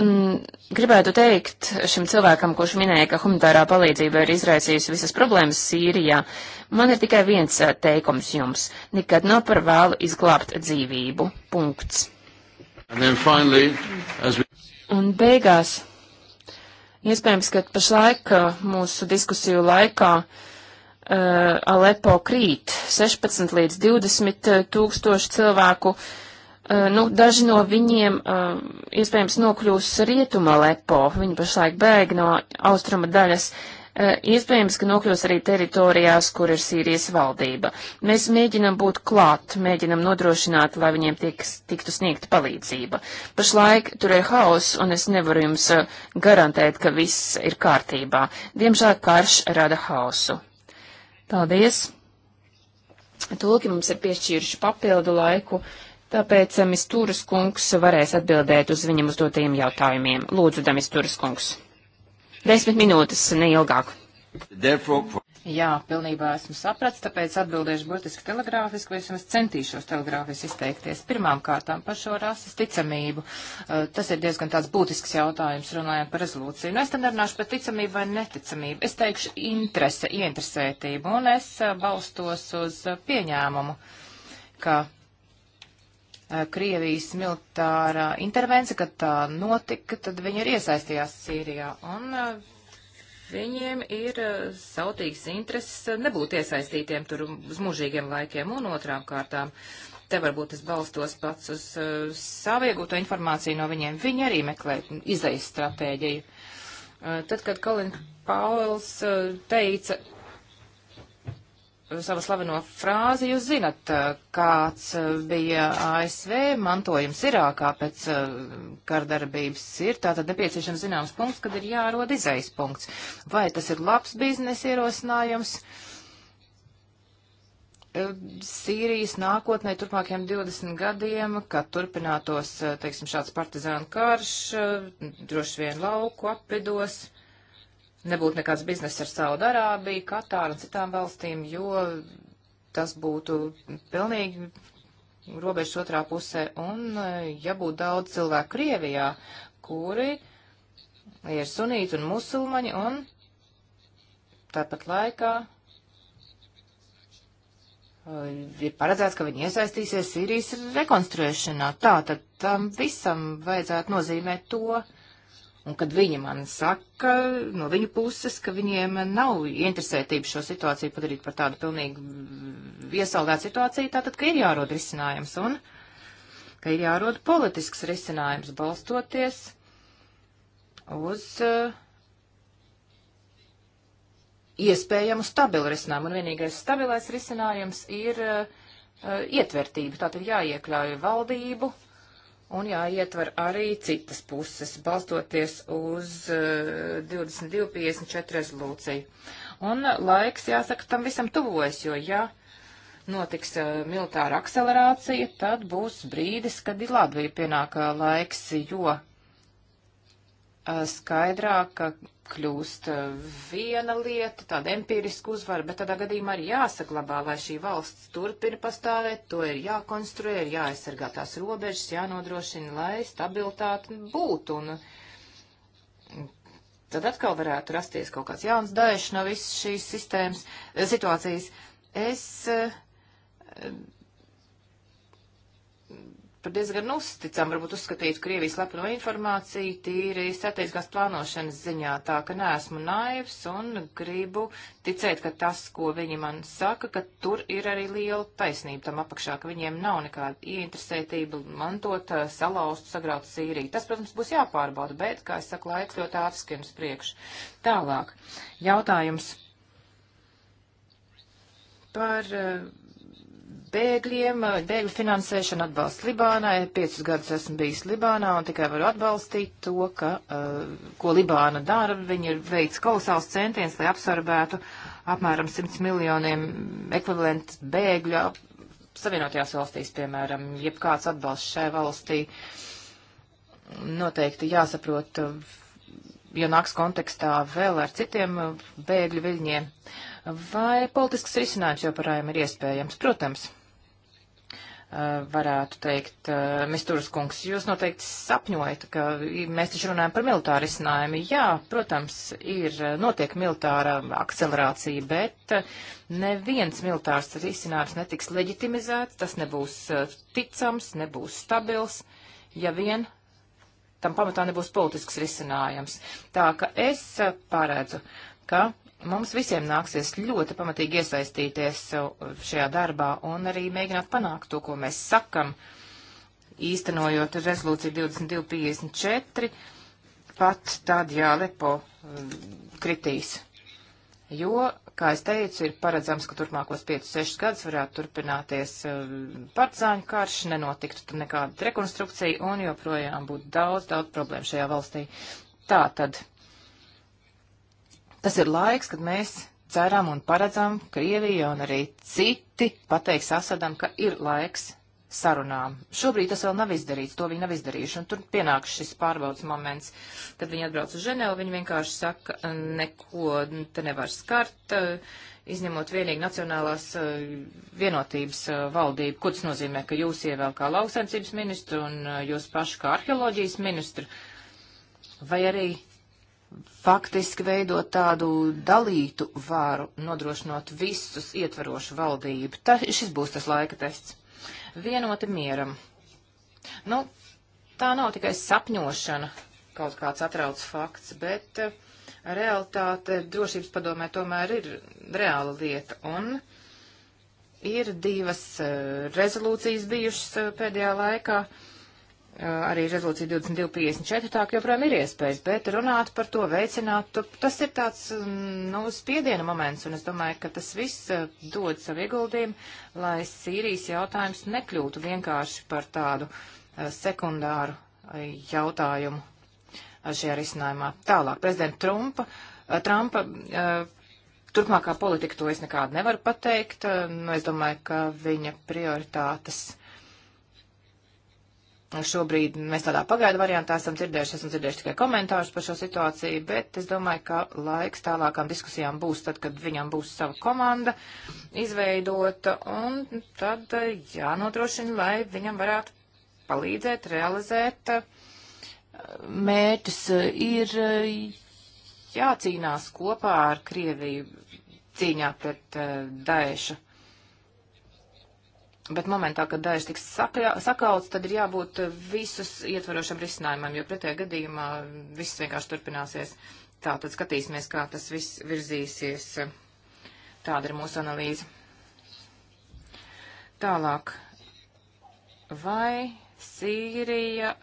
Mm, gribētu teikt šim cilvēkam, kurš minēja, ka humanitārā palīdzība ir izraisījusi visas problēmas Sīrijā, man ir tikai viens eh, teikums jums - nekad nav par vēlu izglābt dzīvību. Punkts. Finally, we... Un beigās, iespējams, ka pašlaik eh, mūsu diskusiju laikā uh, Alepo krīt 16 līdz 20 tūkstoši cilvēku. Uh, Eh, nu, daži no viņiem uh, iespējams nokļūs rietuma lepo, viņi pašlaik bēg no austruma daļas. Uh, iespējams, ka nokļūs arī teritorijās, kur ir Sīrijas valdība. Mēs mēģinam būt klāt, mēģinam nodrošināt, lai viņiem tiek, tiktu sniegta palīdzība. Pašlaik tur ir haus, un es nevaru jums uh, garantēt, ka viss ir kārtībā. Diemžēl karš rada hausu. Paldies! Tūki mums ir piešķīruši papildu laiku. Uh, Tāpēc eh, Misturas kungs varēs atbildēt uz viņam uzdotajiem jautājumiem. Lūdzu, Damisturas kungs. Desmit minūtes, neilgāk. Jā, pilnībā esmu sapratis, tāpēc atbildēšu burtiski telegrāfiski, vai es centīšos telegrāfiski izteikties. Pirmām kārtām par šo rases ticamību. Uh, tas ir diezgan tāds būtisks jautājums, runājot par rezolūciju. Nu, es te nerunāšu par ticamību vai neticamību. Es teikšu interese, ieinteresētību, un es uh, balstos uz uh, pieņēmumu, ka Eh, Krievijas militārā intervence, kad tā eh, notika, tad viņi ir iesaistījās Sīrijā. Un eh, viņiem ir sautīgs intereses nebūt iesaistītiem tur uz mūžīgiem laikiem un otrām kārtām. Te varbūt es balstos pats uz savu iegūto informāciju no viņiem. Viņi arī meklē izējas stratēģiju. Tad, kad Kalin Pauls teica, savu slaveno frāzi, jūs zinat, eh, kāds eh, bija ASV mantojums Irākā pēc eh, kardarbības ir, tātad nepieciešams zināms punkts, kad ir jārod izejas punkts. Vai tas ir labs biznesa ierosinājums? Sīrijas nākotnē turpmākajiem 20 gadiem, kad turpinātos, teiksim, šāds partizānu karš, droši vien lauku apvidos. Uh, nebūtu nekāds bizness ar Saudārābiju, Katāru un citām valstīm, jo tas būtu pilnīgi robežas otrā pusē. Un eh, ja būtu daudz cilvēku Krievijā, kuri ir sunīti un musulmaņi, un tāpat laikā eh, ir paredzēts, ka viņi iesaistīsies Sīrijas rekonstruēšanā. Tā tad tam visam vajadzētu nozīmēt to, uh, Un kad viņi man saka no viņu puses, ka viņiem nav interesētība šo situāciju padarīt par tādu pilnīgi iesaldētu situāciju, tātad, ka ir jārod risinājums un ka ir jārod politisks risinājums balstoties uz uh, iespējamu stabilu risinājumu. Un vienīgais stabilais risinājums ir uh, uh ietvertība. Tātad jāiekļauj valdību un jāietver arī citas puses, balstoties uz uh, eh, 22.54 rezolūciju. Un eh, laiks, jāsaka, tam visam tuvojas, jo ja notiks uh, militāra akcelerācija, tad būs brīdis, kad ir Latvija pienāk uh, laiks, jo skaidrāk kļūst eh, viena lieta, tāda empiriska uzvara, bet tādā gadījumā arī jāsaglabā, lai šī valsts turpina pastāvēt, to ir jākonstruē, ir jāaizsargā tās robežas, jānodrošina, lai stabilitāte būtu. Un mm, tad atkal varētu rasties kaut kāds jauns daļš no visas šīs sistēmas, eh, situācijas. Es eh, par diezgan uzticam, varbūt uzskatīt Krievijas slepeno informāciju tīri strateģiskās plānošanas ziņā, tā ka neesmu naivs un gribu ticēt, ka tas, ko viņi man saka, ka tur ir arī liela taisnība tam apakšā, ka viņiem nav nekāda ieinteresētība mantot, eh, salauzt, sagraut Sīriju. Tas, protams, būs jāpārbauda, bet, kā es saku, laiks ļoti ātri skrien uz priekšu. Tālāk, jautājums par uh, bēgļiem, bēgļu finansēšanu atbalstu Libānai. Piecus gadus esmu bijis Libānā un tikai varu atbalstīt to, ka, ko Libāna dara. Viņi ir veids kolosāls centiens, lai absorbētu apmēram 100 miljoniem ekvivalentu bēgļu Savienotajās valstīs, piemēram, jebkāds atbalsts šai valstī. Noteikti jāsaprot, ja nāks kontekstā vēl ar citiem bēgļu viļņiem. Vai politisks risinājums joprojām ir iespējams? Protams, Eh, varētu teikt, eh, Misturas kungs, jūs noteikti sapņojat, ka mēs taču runājam par militāru izcinājumu. Jā, protams, ir eh, notiek militāra akcelerācija, bet neviens militārs risinājums netiks leģitimizēts, tas nebūs ticams, nebūs stabils, ja vien tam pamatā nebūs politisks risinājums. Tā ka es paredzu, ka mums visiem nāksies ļoti pamatīgi iesaistīties šajā darbā un arī mēģināt panākt to, ko mēs sakam, īstenojot rezolūciju 2254, pat tad, jā, lepo um, kritīs. Jo, kā es teicu, ir paredzams, ka turpmākos 5-6 gadus varētu turpināties um, partizāņu karš, nenotiktu nekāda rekonstrukcija un joprojām būtu daudz, daudz problēmu šajā valstī. Tā tad Tas ir laiks, kad mēs ceram un paredzam, Krievija un arī citi pateiks Asadam, ka ir laiks sarunām. Šobrīd tas vēl nav izdarīts, to viņi nav izdarījuši, un tur pienāks šis pārbaudas moments, kad viņi atbrauc uz Ženevu, viņi vienkārši saka, neko te nevar skart, e, izņemot vienīgi Nacionālās e, vienotības e, valdību, ko tas nozīmē, ka jūs ievēl kā lauksaimniecības ministru un jūs paši kā arheoloģijas ministru, vai arī faktiski veidot tādu dalītu vāru, nodrošinot visus ietverošu valdību. Tā, šis būs tas laika tests. Vienoti mieram. Nu, tā nav tikai sapņošana, kaut kāds atrauc fakts, bet uh, realitāte drošības padomē tomēr ir reāla lieta. Un ir divas uh, rezolūcijas bijušas uh, pēdējā laikā. Uh, Eh, arī rezolūcija 2254, tā ka joprojām ir iespējas, bet runāt par to, veicināt, tas ir tāds, mm, nu, spiediena moments, un es domāju, ka tas viss eh, dod savu ieguldījumu, lai Sīrijas jautājums nekļūtu vienkārši par tādu eh, sekundāru jautājumu šajā risinājumā. Tālāk, prezidenta Trumpa, Trumpa turpmākā politika to es nekādu nevaru pateikt, nu, es domāju, ka viņa prioritātes Šobrīd mēs tādā pagaidu variantā esam dzirdējuši, esam dzirdējuši tikai komentārus par šo situāciju, bet es domāju, ka laiks tālākām diskusijām būs tad, kad viņam būs sava komanda izveidota, un tad jānodrošina, lai viņam varētu palīdzēt realizēt mērķus. Ir jācīnās kopā ar Krieviju cīņā pret Daešu. Bet momentā, kad daļas tiks sakauts, tad ir jābūt visus ietvarošam risinājumam, jo pretējā gadījumā viss vienkārši turpināsies. Tā tad skatīsimies, kā tas viss virzīsies. Tāda ir mūsu analīze. Tālāk. Vai Sīrija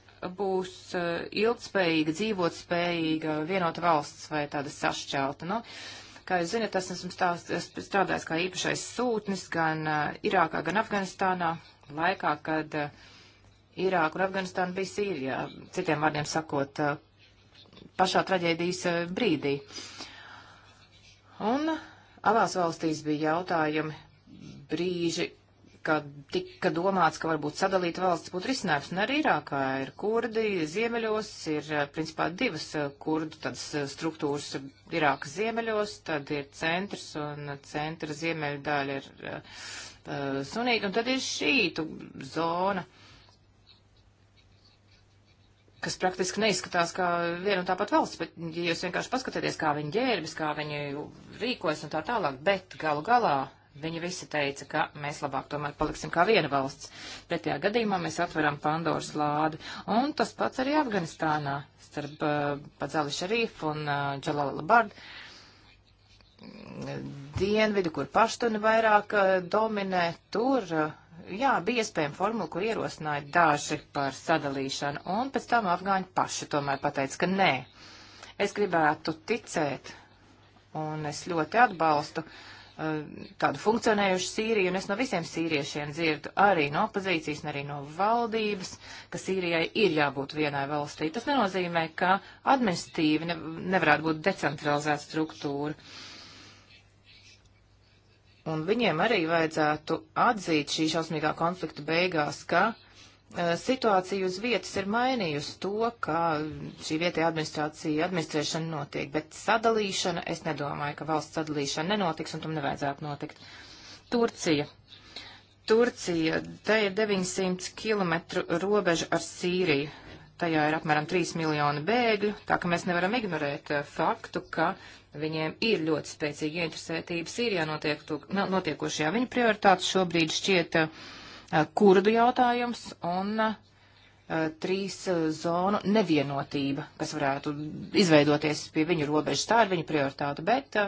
būs eh, ilgspējīga, dzīvotspējīga, vienota valsts vai tāda sašķelta? Nu, no? Kā jūs zinat, es esmu stāst, es strādājis kā īpašais sūtnis gan uh, Irākā, gan Afganistānā, laikā, kad uh, Irāka un Afganistāna bija Sīrijā, citiem vārdiem sakot, uh, pašā traģēdijas uh, brīdī. Un abās valstīs bija jautājumi brīži, ka tika domāts, ka varbūt sadalīt valsts būtu risinājums, un arī Irākā ir kurdi, ziemeļos ir eh, principā divas eh, kurdu tādas eh, struktūras Irākas ziemeļos, tad ir centrs, un centra ziemeļu daļa ir uh, sunīta, un tad ir šītu zona kas praktiski neizskatās kā viena un tā pati valsts, bet ja jūs vienkārši paskatieties, kā viņi ģērbjas, kā viņi rīkojas un tā tālāk, bet galu galā Viņi visi teica, ka mēs labāk tomēr paliksim kā viena valsts. Pretējā gadījumā mēs atveram Pandoras lādi. Un tas pats arī Afganistānā starp uh, Padzali Šarifu un uh, Džalala Bardu dienvidu, kur paštuni vairāk uh, dominē, tur, uh, jā, bija iespējama formula, ko ierosināja daži par sadalīšanu, un pēc tam afgāņi paši tomēr pateica, ka nē. Es gribētu ticēt, un es ļoti atbalstu uh, Eh, tādu funkcionējušu Sīriju, un es no visiem sīriešiem dzirdu arī no opozīcijas, arī no valdības, ka Sīrijai ir jābūt vienai valstī. Tas nenozīmē, ka administīvi ne, nevarētu būt decentralizēta struktūra. Un viņiem arī vajadzētu atzīt šī šausmīgā konflikta beigās, ka uh, Eh, situācija uz vietas ir mainījusi to, ka šī vietējā administrācija, administrēšana notiek, bet sadalīšana, es nedomāju, ka valsts sadalīšana nenotiks un tam nevajadzētu notikt. Turcija. Turcija, tā ir 900 km robeža ar Sīriju. Tajā ir apmēram 3 miljoni bēgļu, tā ka mēs nevaram ignorēt eh, faktu, ka viņiem ir ļoti spēcīga ieinteresētība Sīrijā notiek, notiekošajā. Viņa prioritāte šobrīd šķiet uh, Eh, kurdu jautājums un eh, trīs eh, zonu nevienotība, kas varētu izveidoties pie viņu robežas. Tā ir viņa prioritāte, bet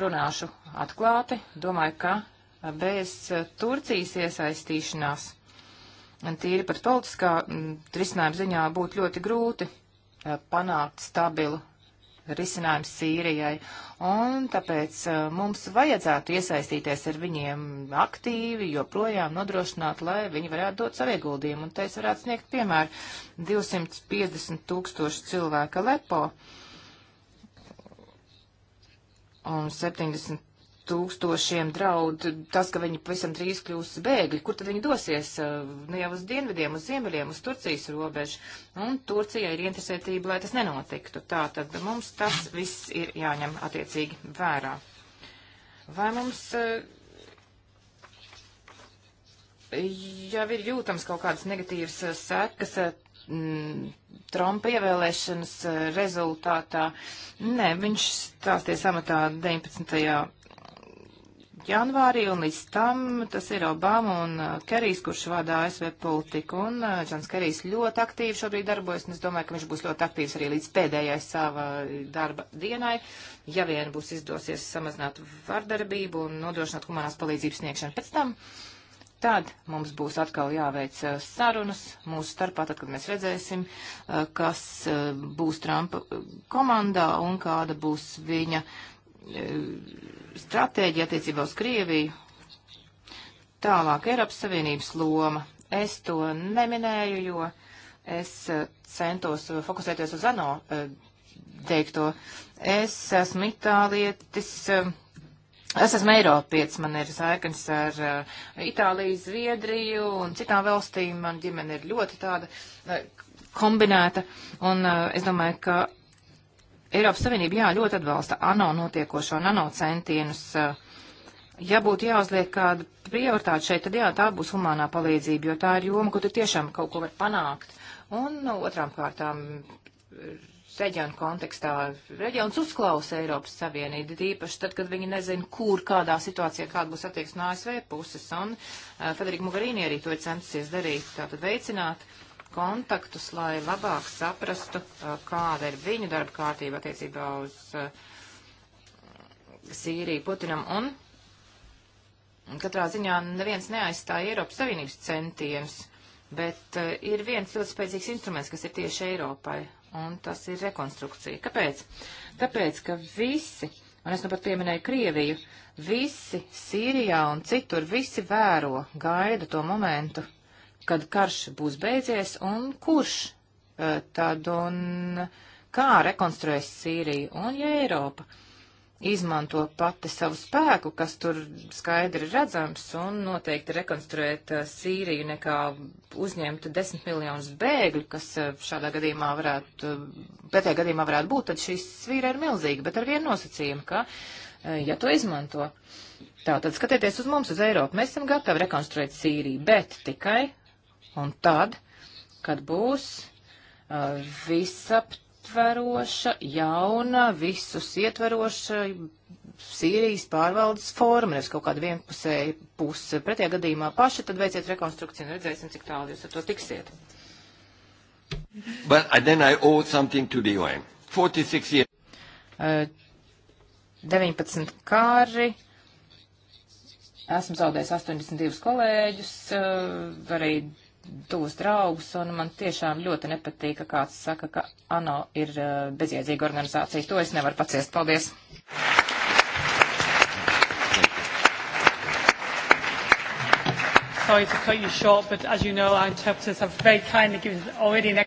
runāšu atklāti. Domāju, ka bez Turcijas iesaistīšanās tīri pat politiskā mm, risinājuma ziņā būtu ļoti grūti panākt stabilu risinājums Sīrijai. Un tāpēc uh, mums vajadzētu iesaistīties ar viņiem aktīvi, joprojām nodrošināt, lai viņi varētu dot savu ieguldījumu. Un te es varētu sniegt piemēru 250 tūkstoši cilvēka lepo un 70 tūkstošiem draud tas, ka viņi pavisam drīz kļūs bēgļi. Kur tad viņi dosies? Eh, nu jau uz dienvidiem, uz ziemeļiem, uz Turcijas robežu. Un Turcija ir interesētība, lai tas nenotiktu. Tā tad mums tas viss ir jāņem attiecīgi vērā. Vai mums eh, jau ir jūtams kaut kādas negatīvas eh, sekas Trumpa ievēlēšanas rezultātā. Nē, viņš stāsties amatā 19 janvārī, un līdz tam tas ir Obama un uh, Kerijs, kurš vadā ASV politiku, un uh, Džons Kerijs ļoti aktīvi šobrīd darbojas, un es domāju, ka viņš būs ļoti aktīvs arī līdz pēdējai sava darba dienai, ja vien būs izdosies samazināt vardarbību un nodrošināt humanās palīdzības sniegšanu pēc tam. Tad mums būs atkal jāveic uh, sarunas mūsu starpā, tad, kad mēs redzēsim, kas būs Trumpa komandā un kāda būs viņa uh, Eh, stratēģija attiecībā uz Krieviju. Tālāk Eiropas Savienības loma. Es to neminēju, jo es eh, centos fokusēties uz ANO eh, teikto. Es esmu itālietis. Es esmu Eiropietis, man ir saiknes ar uh, Itāliju, Zviedriju un citām valstīm. Man ģimene ir ļoti tāda uh, kombinēta, un uh, es domāju, ka Eiropas Savienība jā, ļoti atbalsta ANO notiekošo un ANO centienus. Ja būtu jāuzliek kāda prioritāte šeit, tad jā, tā būs humānā palīdzība, jo tā ir joma, kur tu tiešām kaut ko var panākt. Un no nu, otrām kārtām reģionu kontekstā reģions uzklausa Eiropas Savienību, īpaši tad, kad viņi nezina, kur, kādā situācijā, kāda būs attieksme no ASV puses. Un uh, eh, Federika Mugarīni arī to ir centusies darīt, tātad veicināt kontaktus, lai labāk saprastu, kāda ir viņu darba kārtība attiecībā uz Sīriju Putinam. Un katrā ziņā neviens neaizstāja Eiropas Savienības centienus, bet ir viens ļoti spēcīgs instruments, kas ir tieši Eiropai, un tas ir rekonstrukcija. Kāpēc? Tāpēc, ka visi, un es nu pat pieminēju Krieviju, visi Sīrijā un citur, visi vēro, gaida to momentu, kad karš būs beidzies un kurš e, tad un kā rekonstruēs Sīriju un ja Eiropa izmanto pati savu spēku, kas tur skaidri redzams, un noteikti rekonstruēt uh, Sīriju nekā uzņemt desmit miljonus bēgļu, kas uh, šādā gadījumā varētu, pretējā gadījumā varētu būt, tad šī svīra ir milzīga, bet ar vienu nosacījumu, ka, uh, ja to izmanto, tā tad skatieties uz mums, uz Eiropu, mēs esam gatavi rekonstruēt Sīriju, bet tikai Un tad, kad būs uh, visaptveroša, jauna, visus ietveroša Sīrijas pārvaldes forma, nevis kaut kāda vienpusēja puse. Pretējā gadījumā paši tad veiciet rekonstrukciju un redzēsim, cik tālu jūs ar to tiksiet. But uh, then I owe something to the UN. 46 years. Uh, 19 kāri. Esmu zaudējis 82 kolēģus, uh, arī tūs draugus, un man tiešām ļoti nepatīk, ka kāds saka, ka ANO ir uh, bezjēdzīga organizācija. To es nevaru paciest. Paldies! Sorry to cut you short, but as you know, our interpreters have very kindly given already an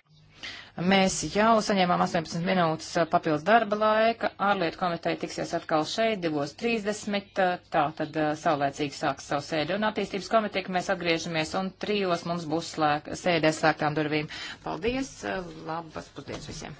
Mēs jau saņēmām 18 minūtes uh, papildus darba laika. Ārlietu komiteja tiksies atkal šeit 2.30. Uh, Tā tad uh, saulēcīgi sāks savu sēdi. Un attīstības komiteja, mēs atgriežamies un trijos mums būs slēg, sēdē slēgtām durvīm. Paldies! Labas pusdienas visiem!